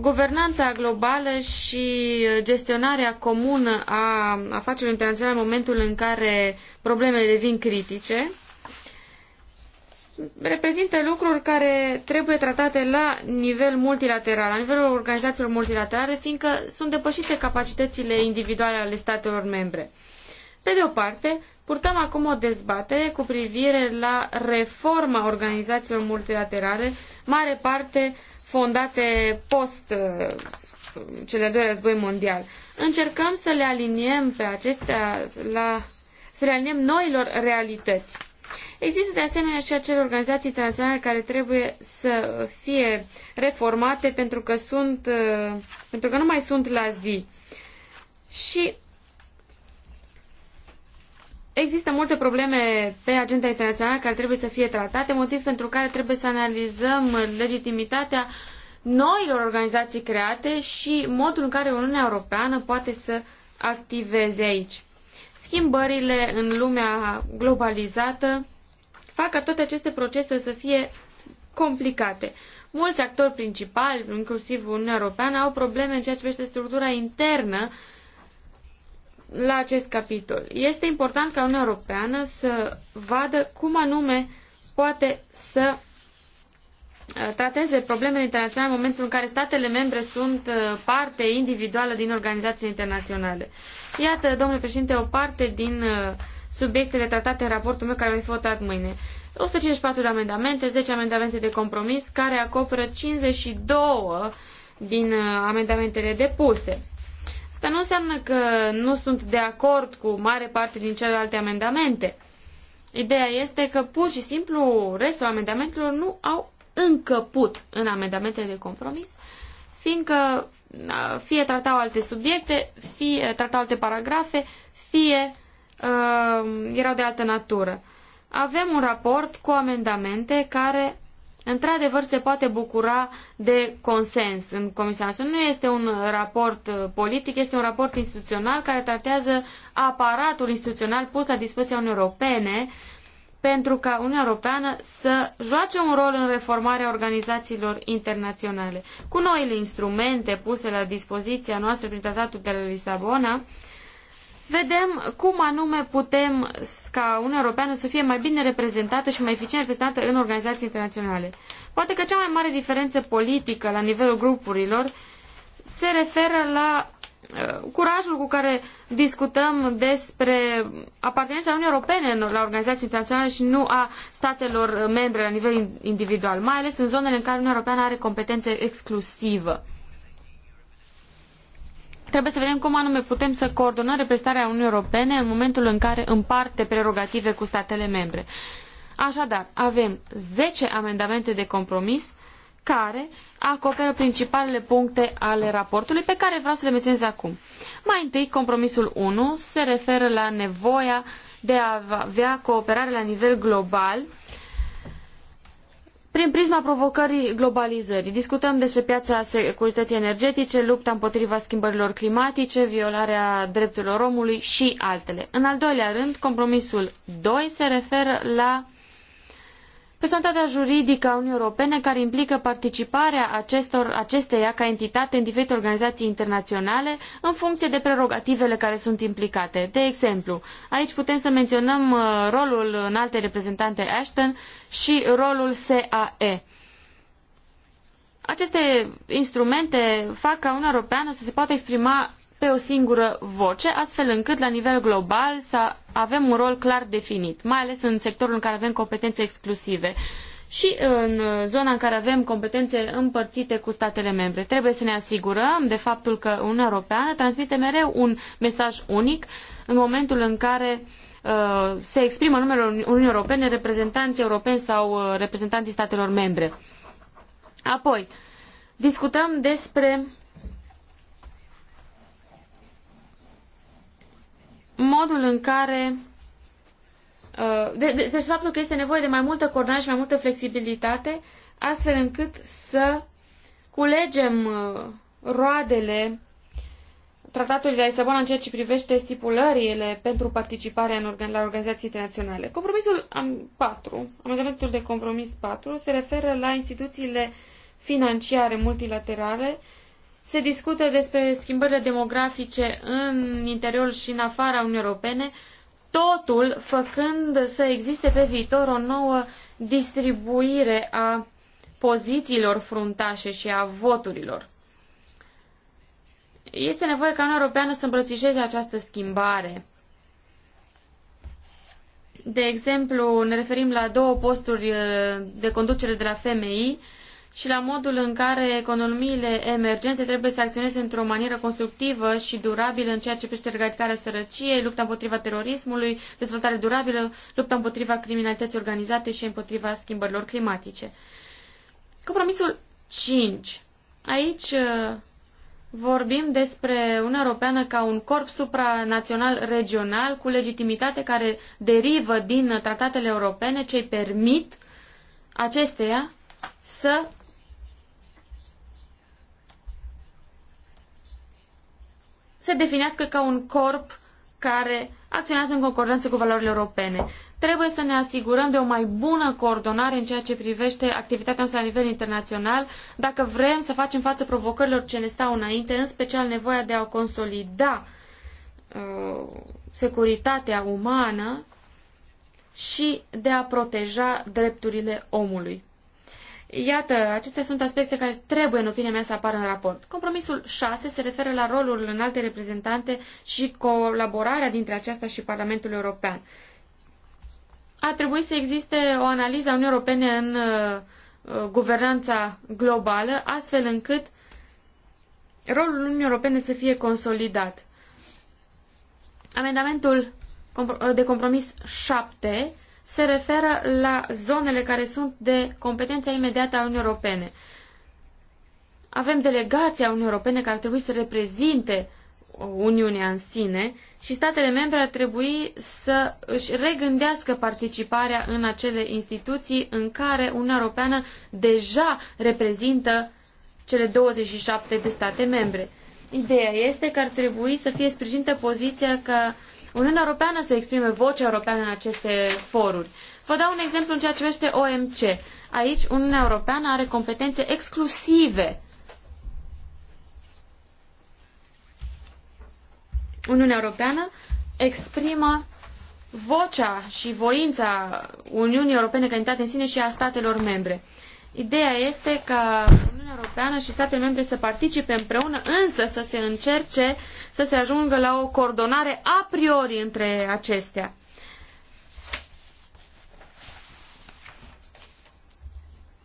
Guvernanța globală și gestionarea comună a afacerilor internaționale în momentul în care problemele devin critice, reprezintă lucruri care trebuie tratate la nivel multilateral, la nivelul organizațiilor multilaterale, fiindcă sunt depășite capacitățile individuale ale statelor membre. Pe de o parte, purtăm acum o dezbatere cu privire la reforma organizațiilor multilaterale, mare parte fondate post uh, cel de-al doilea război mondial. Încercăm să le aliniem pe acestea la să le aliniem noilor realități. Există de asemenea și acele organizații internaționale care trebuie să fie reformate pentru că, sunt, uh, pentru că nu mai sunt la zi. Și există multe probleme pe agenda internațională care trebuie să fie tratate, motiv pentru care trebuie să analizăm legitimitatea noilor organizații create și modul în care Uniunea Europeană poate să activeze aici. Schimbările în lumea globalizată fac ca toate aceste procese să fie complicate. Mulți actori principali, inclusiv Uniunea Europeană, au probleme în ceea ce privește structura internă la acest capitol. Este important ca Uniunea Europeană să vadă cum anume poate să uh, trateze problemele internaționale în momentul în care statele membre sunt uh, parte individuală din organizații internaționale. Iată, domnule președinte, o parte din uh, subiectele tratate în raportul meu care va fi votat mâine. 154 de amendamente, 10 amendamente de compromis, care acoperă 52 din uh, amendamentele depuse. Asta nu înseamnă că nu sunt de acord cu mare parte din celelalte amendamente. Ideea este că pur și simplu restul amendamentelor nu au încăput în amendamentele de compromis, fiindcă uh, fie tratau alte subiecte, fie tratau alte paragrafe, fie Uh, erau de altă natură. Avem un raport cu amendamente care într-adevăr se poate bucura de consens în Comisia noastră. Nu este un raport uh, politic, este un raport instituțional care tratează aparatul instituțional pus la dispoziția Uniunii Europene pentru ca Uniunea Europeană să joace un rol în reformarea organizațiilor internaționale. Cu noile instrumente puse la dispoziția noastră prin Tratatul de la Lisabona, vedem cum anume putem ca Uniunea Europeană să fie mai bine reprezentată și mai eficient reprezentată în organizații internaționale. Poate că cea mai mare diferență politică la nivelul grupurilor se referă la uh, curajul cu care discutăm despre apartenența Uniunii Europene la organizații internaționale și nu a statelor membre la nivel individual, mai ales în zonele în care Uniunea Europeană are competențe exclusivă. Trebuie să vedem cum anume putem să coordonăm reprezentarea Uniunii Europene în momentul în care împarte prerogative cu statele membre. Așadar, avem zece amendamente de compromis care acoperă principalele puncte ale raportului pe care vreau să le menționez acum. Mai întâi, compromisul 1 se referă la nevoia de a avea cooperare la nivel global uh, prin prisma provocării globalizării. Discutăm despre piața securității energetice, lupta împotriva schimbărilor climatice, violarea drepturilor omului și altele. În al doilea rând, compromisul 2 se referă la Personalitatea juridică a Uniunii Europene care implică participarea acestor, acesteia ca entitate în diferite organizații internaționale în funcție de prerogativele care sunt implicate. De exemplu, aici putem să menționăm uh, rolul în alte reprezentante Ashton și rolul SAE. Aceste instrumente fac ca Uniunea Europeană să se poată exprima pe o singură voce, astfel încât la nivel global să avem un rol clar definit, mai ales în sectorul în care avem competențe exclusive și în zona în care avem competențe împărțite cu statele membre. Trebuie să ne asigurăm de faptul că Uniunea Europeană transmite mereu un mesaj unic în momentul în care uh, se exprimă numele Uniunii Europene reprezentanții europeni sau uh, reprezentanții statelor membre. Apoi, discutăm despre modul în care uh, de, de, deci faptul că este nevoie de mai multă coordonare și mai multă flexibilitate, astfel încât să culegem uh, roadele tratatului de Lisabona în ceea ce privește stipulările pentru participarea în organ, la organizații internaționale. Compromisul 4, amendamentul de compromis 4, se referă la instituțiile financiare multilaterale se discută despre schimbările demografice în interiorul și în afara Uniunii Europene, totul făcând să existe pe viitor o nouă distribuire a pozițiilor fruntașe și a voturilor. Este nevoie ca Uniunea Europeană să îmbrățișeze această schimbare. De exemplu, ne referim la două posturi eh, de conducere de la FMI, și la modul în care economiile emergente trebuie să acționeze într-o manieră constructivă și durabilă în ceea ce privește eradicarea sărăciei, lupta împotriva terorismului, dezvoltare durabilă, lupta împotriva criminalității organizate și împotriva schimbărilor climatice. Compromisul 5. Aici uh, vorbim despre Uniunea Europeană ca un corp supranațional regional cu legitimitate care derivă din tratatele europene ce îi permit acesteia să se definească ca un corp care acționează în concordanță cu valorile europene. Trebuie să ne asigurăm de o mai bună coordonare în ceea ce privește activitatea noastră la nivel internațional, dacă vrem să facem față provocărilor ce ne stau înainte, în special nevoia de a consolida uh, securitatea umană și de a proteja drepturile omului. Iată, acestea sunt aspecte care trebuie, în opinia mea, să apară în raport. Compromisul 6 se referă la rolul în alte reprezentante și colaborarea dintre aceasta și Parlamentul European. Ar trebui să existe o analiză a Uniunii Europene în uh, uh guvernanța globală, astfel încât rolul Uniunii Europene să fie consolidat. Amendamentul de compromis 7 se referă la zonele care sunt de competența imediată a Uniunii Europene. Avem delegația Uniunii Europene care ar trebui să reprezinte Uniunea în sine și statele membre ar trebui să își regândească participarea în acele instituții în care Uniunea Europeană deja reprezintă cele 27 de state membre. Ideea este că ar trebui să fie sprijinită poziția că Uniunea Europeană să exprime vocea europeană în aceste foruri. Vă dau un exemplu în ceea ce vește OMC. Aici Uniunea Europeană are competențe exclusive. Uniunea Europeană exprimă vocea și voința Uniunii Europene ca entitate în sine și a statelor membre. Ideea este ca Uniunea Europeană și statele membre să participe împreună, însă să se încerce să se ajungă la o coordonare a priori între acestea.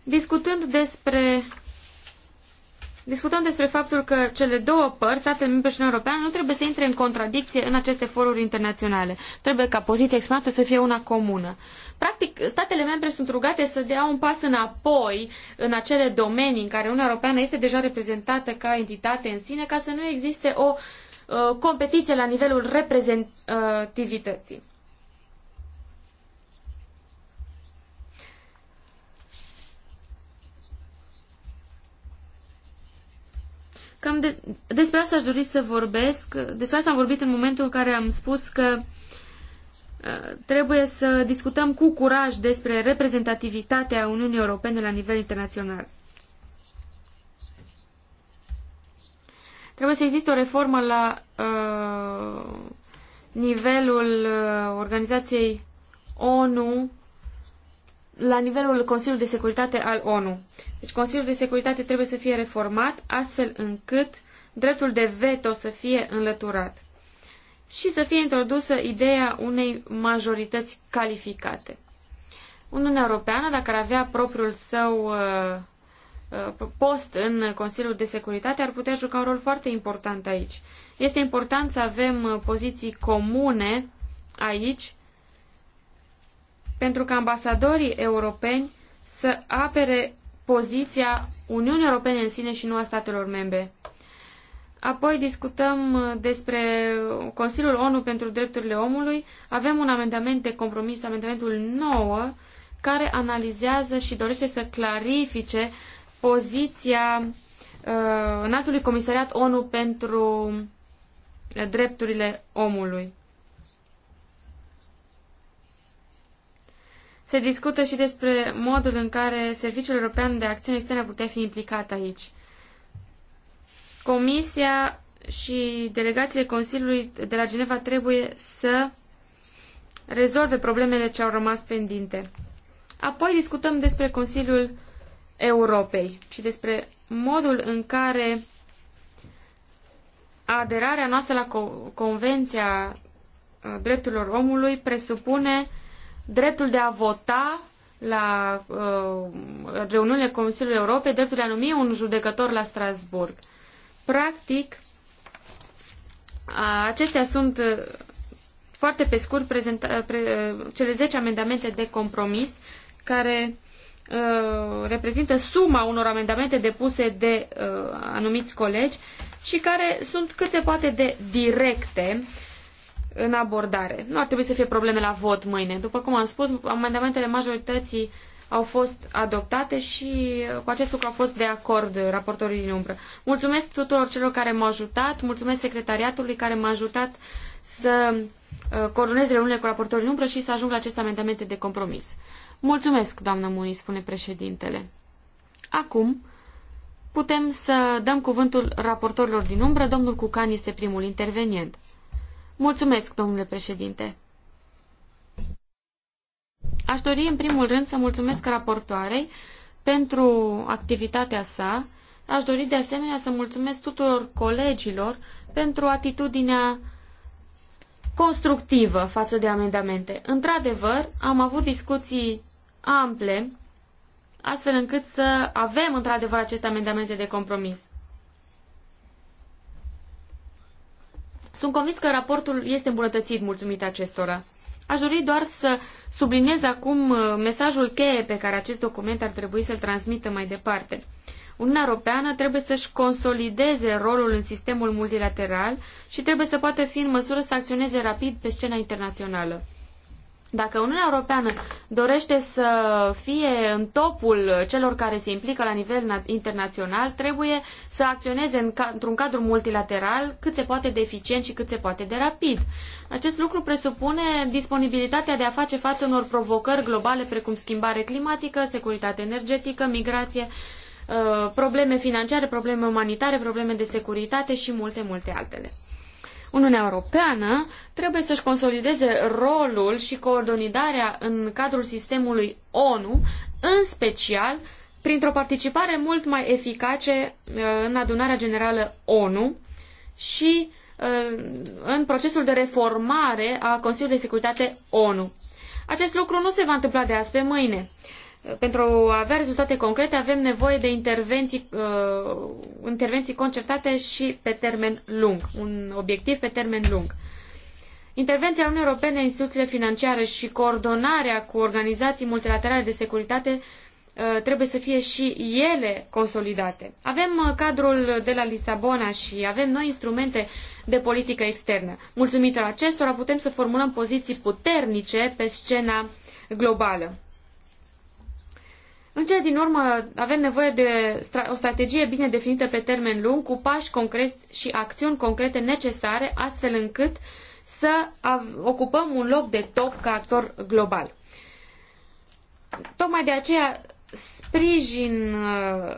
Discutând despre discutând despre faptul că cele două părți, statele membre și Uniunea Europeană, nu trebuie să intre în contradicție în aceste foruri internaționale. Trebuie ca poziția exprimată să fie una comună. Practic, statele membre sunt rugate să dea un pas înapoi în acele domenii în care Uniunea Europeană este deja reprezentată ca entitate în sine, ca să nu existe o Uh, competiție la nivelul reprezentativității. Cam de, despre asta aș dori să vorbesc. Despre asta am vorbit în momentul în care am spus că uh, trebuie să discutăm cu curaj despre reprezentativitatea Uniunii Europene la nivel internațional. Trebuie să existe o reformă la uh, nivelul uh, organizației ONU, la nivelul Consiliului de Securitate al ONU. Deci Consiliul de Securitate trebuie să fie reformat astfel încât dreptul de veto să fie înlăturat și să fie introdusă ideea unei majorități calificate. Uniunea Europeană, dacă ar avea propriul său uh, Uh, post în Consiliul de Securitate ar putea juca un rol foarte important aici. Este important să avem uh, poziții comune aici pentru că ambasadorii europeni să apere poziția Uniunii Europene în sine și nu a statelor membre. Apoi discutăm uh, despre Consiliul ONU pentru Drepturile Omului. Avem un amendament de compromis, amendamentul 9, care analizează și dorește să clarifice poziția uh, Înaltului Comisariat ONU pentru uh, drepturile omului. Se discută și despre modul în care Serviciul European de Acțiune Externă putea fi implicat aici. Comisia și delegațiile Consiliului de la Geneva trebuie să rezolve problemele ce au rămas pendinte. Apoi discutăm despre Consiliul Europei și despre modul în care aderarea noastră la Convenția uh, Drepturilor Omului presupune dreptul de a vota la uh, reuniunile Consiliului Europei, dreptul de a numi un judecător la Strasburg. Practic, acestea sunt uh, foarte pe scurt prezenta, pre, cele 10 amendamente de compromis care Uh, reprezintă suma unor amendamente depuse de uh, anumiți colegi și care sunt cât se poate de directe în abordare. Nu ar trebui să fie probleme la vot mâine. După cum am spus, amendamentele majorității au fost adoptate și uh, cu acest lucru au fost de acord uh, raportorii din umbră. Mulțumesc tuturor celor care m-au ajutat, mulțumesc secretariatului care m-a ajutat să coordonez reuniunile cu raportorii din umbră și să ajung la aceste amendamente de compromis. Mulțumesc, doamnă Muni, spune președintele. Acum putem să dăm cuvântul raportorilor din umbră. Domnul Cucan este primul intervenient. Mulțumesc, domnule președinte. Aș dori în primul rând să mulțumesc raportoarei pentru activitatea sa. Aș dori de asemenea să mulțumesc tuturor colegilor pentru atitudinea constructivă față de amendamente. Într-adevăr, am avut discuții ample, astfel încât să avem într-adevăr aceste amendamente de compromis. Sunt convins că raportul este îmbunătățit mulțumit acestora. Aș dori doar să subliniez acum uh, mesajul cheie pe care acest document ar trebui să-l transmită mai departe. Uniunea Europeană trebuie să-și consolideze rolul în sistemul multilateral și trebuie să poată fi în măsură să acționeze rapid pe scena internațională. Dacă Uniunea Europeană dorește să fie în topul celor care se implică la nivel internațional, trebuie să acționeze într-un cadru multilateral cât se poate de eficient și cât se poate de rapid. Acest lucru presupune disponibilitatea de a face față unor provocări globale precum schimbare climatică, securitate energetică, migrație, Uh, probleme financiare, probleme umanitare, probleme de securitate și multe, multe altele. Uniunea Europeană trebuie să-și consolideze rolul și coordonarea în cadrul sistemului ONU, în special printr-o participare mult mai eficace uh, în adunarea generală ONU și uh, în procesul de reformare a Consiliului de Securitate ONU. Acest lucru nu se va întâmpla de azi pe mâine pentru a avea rezultate concrete avem nevoie de intervenții, uh, intervenții concertate și pe termen lung, un obiectiv pe termen lung. Intervenția Uniunii Europene în instituțiile financiare și coordonarea cu organizații multilaterale de securitate uh, trebuie să fie și ele consolidate. Avem uh, cadrul de la Lisabona și avem noi instrumente de politică externă. Mulțumită acestora putem să formulăm poziții puternice pe scena globală. În cele din urmă avem nevoie de o strategie bine definită pe termen lung, cu pași concreți și acțiuni concrete necesare, astfel încât să ocupăm un loc de top ca actor global. Tocmai de aceea sprijin uh,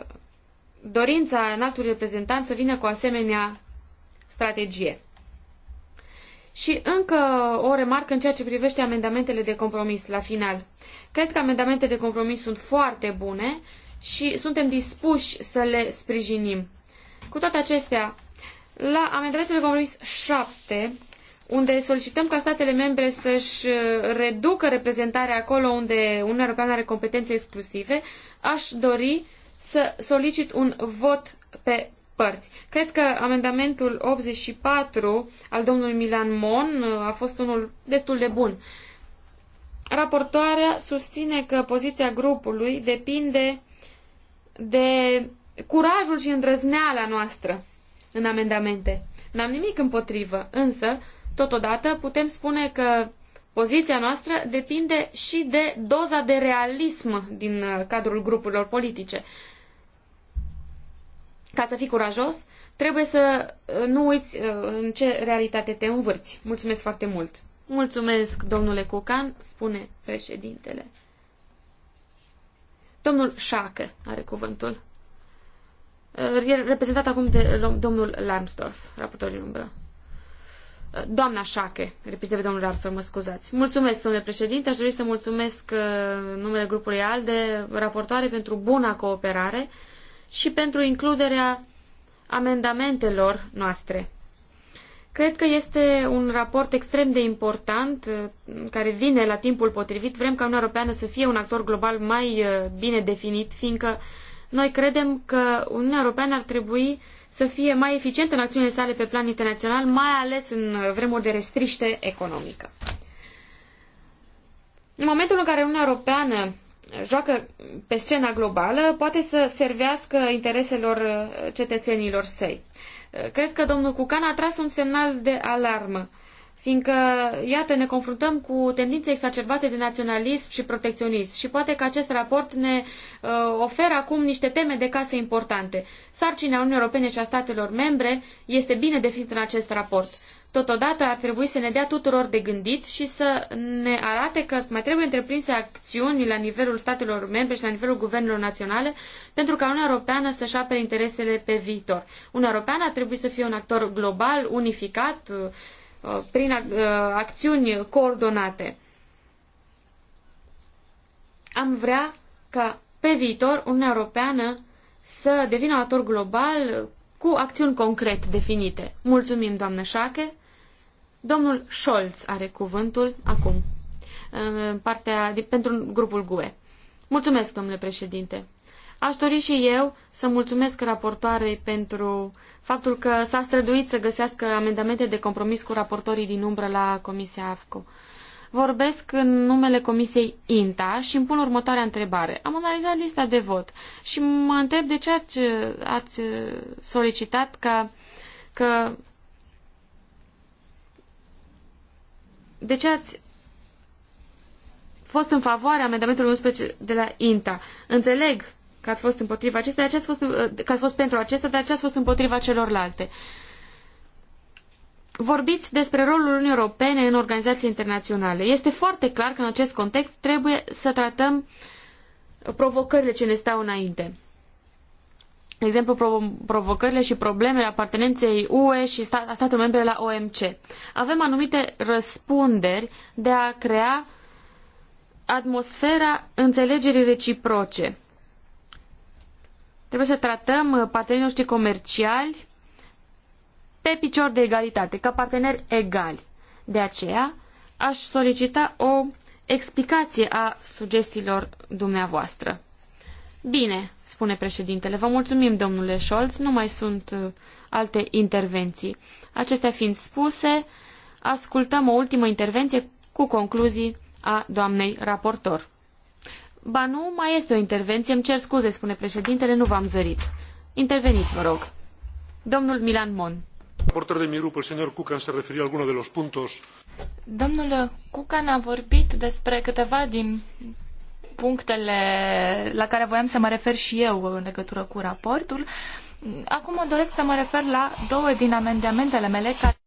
dorința înaltului reprezentant să vină cu asemenea strategie. Și încă o remarcă în ceea ce privește amendamentele de compromis la final. Cred că amendamentele de compromis sunt foarte bune și suntem dispuși să le sprijinim. Cu toate acestea, la amendamentul de compromis 7, unde solicităm ca statele membre să-și uh, reducă reprezentarea acolo unde Uniunea Europeană are competențe exclusive, aș dori să solicit un vot pe părți. Cred că amendamentul 84 al domnului Milan Mon uh, a fost unul destul de bun. Raportoarea susține că poziția grupului depinde de curajul și îndrăzneala noastră în amendamente. N-am nimic împotrivă, însă, totodată, putem spune că poziția noastră depinde și de doza de realism din uh, cadrul grupurilor politice ca să fii curajos, trebuie să uh, nu uiți uh, în ce realitate te învârți. Mulțumesc foarte mult! Mulțumesc, domnule Cocan, spune președintele. Domnul Șacă are cuvântul. Uh, e reprezentat acum de domnul Lambsdorff, raportorul umbră. Doamna Șache, repite pe domnul Ramsor, mă scuzați. Mulțumesc, domnule președinte, aș dori să mulțumesc numele grupului ALDE, raportoare, pentru buna cooperare și pentru includerea amendamentelor noastre. Cred că este un raport extrem de important uh, care vine la timpul potrivit. Vrem ca Uniunea Europeană să fie un actor global mai uh, bine definit, fiindcă noi credem că Uniunea Europeană ar trebui să fie mai eficientă în acțiunile sale pe plan internațional, mai ales în uh, vremuri de restriște economică. În momentul în care Uniunea Europeană joacă pe scena globală poate să servească intereselor uh, cetățenilor săi. Uh, cred că domnul Cucan a tras un semnal de alarmă, fiindcă, iată, ne confruntăm cu tendințe exacerbate de naționalism și protecționism și poate că acest raport ne uh, oferă acum niște teme de casă importante. Sarcina Uniunii Europene și a statelor membre este bine definită în acest raport totodată ar trebui să ne dea tuturor de gândit și să ne arate că mai trebuie întreprinse acțiuni la nivelul statelor membre și la nivelul guvernelor naționale pentru ca Uniunea Europeană să-și apere interesele pe viitor. Uniunea Europeană ar trebui să fie un actor global, unificat, uh, uh, prin uh, acțiuni coordonate. Am vrea ca pe viitor Uniunea Europeană să devină un actor global cu acțiuni concret definite. Mulțumim, doamnă Șache. Domnul Scholz are cuvântul acum, partea, pentru grupul GUE. Mulțumesc, domnule președinte. Aș dori și eu să mulțumesc raportoarei pentru faptul că s-a străduit să găsească amendamente de compromis cu raportorii din umbră la Comisia AFCO. Vorbesc în numele Comisiei INTA și îmi pun următoarea întrebare. Am analizat lista de vot și mă întreb de ce ați, ați solicitat ca, că de ce ați fost în favoarea amendamentului 11 de la INTA? Înțeleg că ați fost împotriva acesta, de aceea ați fost, uh, că ați fost pentru acesta, de ce ați fost împotriva celorlalte. Vorbiți despre rolul Uniunii Europene în organizații internaționale. Este foarte clar că în acest context trebuie să tratăm provocările ce ne stau înainte de exemplu, provocările și problemele apartenenței UE și a statelor membre la OMC. Avem anumite răspunderi de a crea atmosfera înțelegerii reciproce. Trebuie să tratăm partenerii noștri comerciali pe picior de egalitate, ca parteneri egali. De aceea, aș solicita o explicație a sugestiilor dumneavoastră. Bine, spune președintele, vă mulțumim, domnule Scholz, nu mai sunt uh, alte intervenții. Acestea fiind spuse, ascultăm o ultimă intervenție cu concluzii a doamnei raportor. Ba nu, mai este o intervenție, îmi cer scuze, spune președintele, nu v-am zărit. Interveniți, vă rog. Domnul Milan Mon. Raportor de Miru grupo, señor Cucan, se referi a de los puntos. Domnul Cucan a vorbit despre câteva din punctele la care voiam să mă refer și eu în legătură cu raportul. Acum doresc să mă refer la două din amendamentele mele care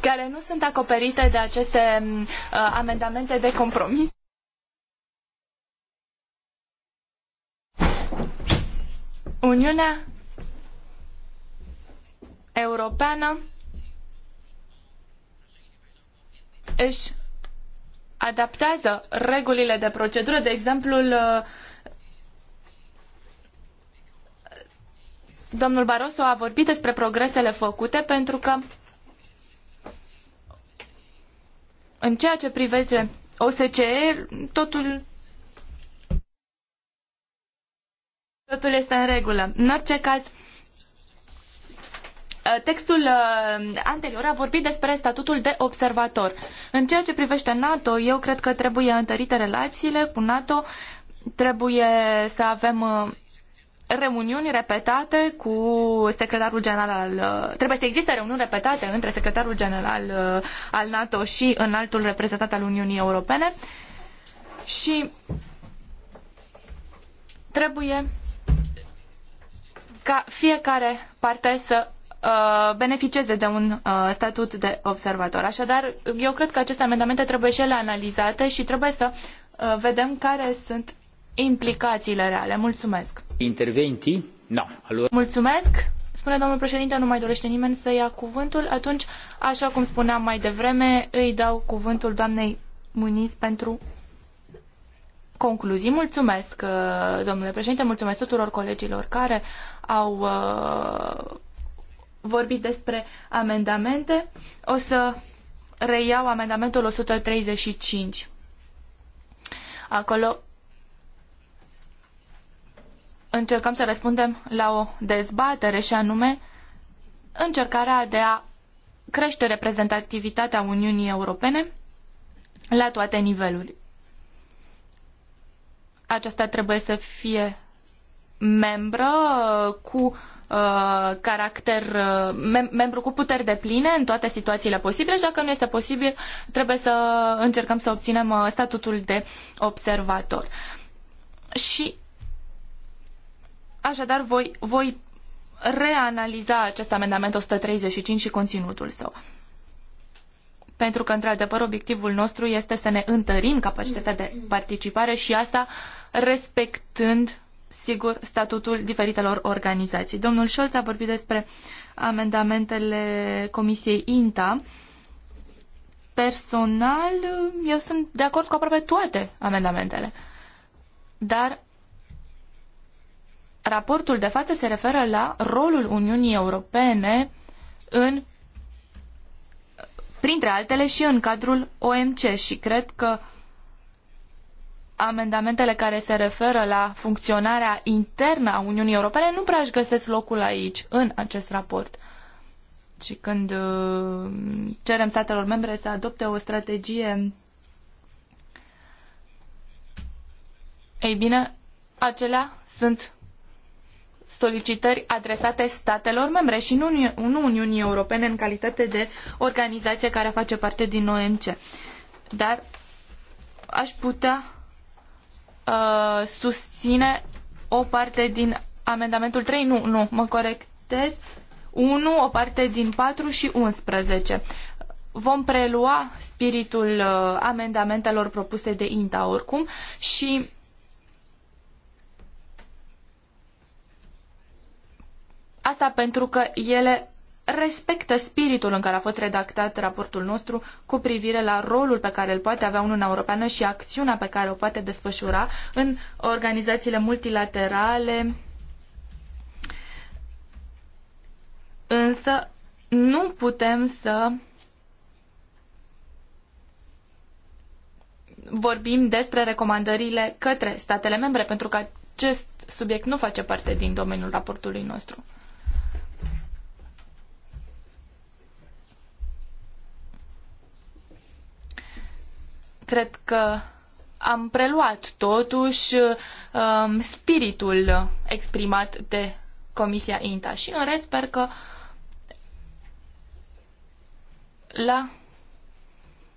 care nu sunt acoperite de aceste uh, amendamente de compromis. Uniunea Europeană își adaptează regulile de procedură, de exemplu, domnul Barroso a vorbit despre progresele făcute pentru că în ceea ce privește OSCE, totul Totul este în regulă. În orice caz, ă, textul ă, anterior a vorbit despre statutul de observator. În ceea ce privește NATO, eu cred că trebuie întărite relațiile cu NATO, trebuie să avem ă, reuniuni repetate cu secretarul general Trebuie să existe reuniuni repetate între secretarul general al NATO și înaltul reprezentat al Uniunii Europene și trebuie ca fiecare parte să uh, beneficieze de un uh, statut de observator. Așadar, eu cred că aceste amendamente trebuie și ele analizate și trebuie să uh, vedem care sunt implicațiile reale. Mulțumesc. Interventi? No. Mulțumesc. Spune domnul președinte, nu mai dorește nimeni să ia cuvântul. Atunci, așa cum spuneam mai devreme, îi dau cuvântul doamnei Muniz pentru concluzii. Mulțumesc, uh, domnule președinte, mulțumesc tuturor colegilor care au uh, vorbit despre amendamente. O să reiau amendamentul 135. Acolo încercăm să răspundem la o dezbatere și anume încercarea de a crește reprezentativitatea Uniunii Europene la toate nivelurile aceasta trebuie să fie membră uh, cu uh, caracter uh, mem membru cu puteri de pline în toate situațiile posibile și dacă nu este posibil, trebuie să încercăm să obținem uh, statutul de observator. Și așadar voi, voi reanaliza acest amendament 135 și conținutul său. Pentru că, într-adevăr, obiectivul nostru este să ne întărim capacitatea de participare și asta uh, respectând, sigur, statutul diferitelor organizații. Domnul Scholz a vorbit despre amendamentele Comisiei INTA. Personal, eu sunt de acord cu aproape toate amendamentele. Dar raportul de față se referă la rolul Uniunii Europene în printre altele și în cadrul OMC și cred că amendamentele care se referă la funcționarea internă a Uniunii Europene nu prea își găsesc locul aici, în acest raport. Și când uh, cerem statelor membre să adopte o strategie, ei bine, acelea sunt solicitări adresate statelor membre și nu, nu Uniunii Europene în calitate de organizație care face parte din OMC. Dar aș putea uh, susține o parte din amendamentul 3, nu, nu, mă corectez, 1, o parte din 4 și 11. Vom prelua spiritul uh, amendamentelor propuse de INTA oricum și asta pentru că ele respectă spiritul în care a fost redactat raportul nostru cu privire la rolul pe care îl poate avea Uniunea Europeană și acțiunea pe care o poate desfășura în organizațiile multilaterale. Însă nu putem să vorbim despre recomandările către statele membre, pentru că acest subiect nu face parte din domeniul raportului nostru. Cred că am preluat totuși um, spiritul exprimat de Comisia INTA și în rest sper că la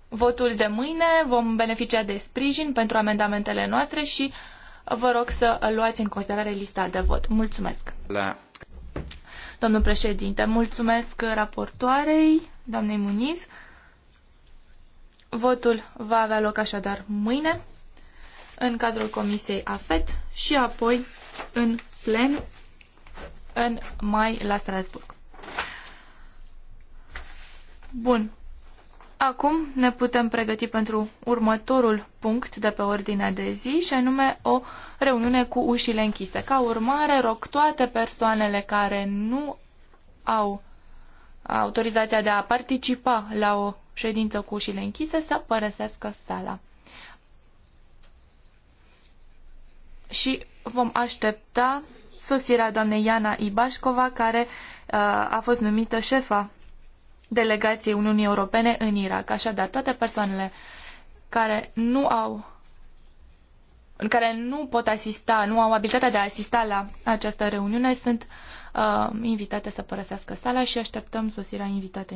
votul de mâine vom beneficia de sprijin pentru amendamentele noastre și vă rog să luați în considerare lista de vot. Mulțumesc! La... Domnul președinte, mulțumesc raportoarei, doamnei Muniz. Votul va avea loc așadar mâine în cadrul Comisiei AFET și apoi în plen în mai la Strasburg. Bun. Acum ne putem pregăti pentru următorul punct de pe ordinea de zi și anume o reuniune cu ușile închise. Ca urmare, rog toate persoanele care nu au autorizația de a participa la o ședință cu ușile închise să părăsească sala. Și vom aștepta sosirea doamnei Iana Ibașcova, care uh, a fost numită șefa delegației Uniunii Europene în Irak. Așadar, toate persoanele care nu au care nu pot asista, nu au abilitatea de a asista la această reuniune, sunt uh, invitate să părăsească sala și așteptăm sosirea invitatei.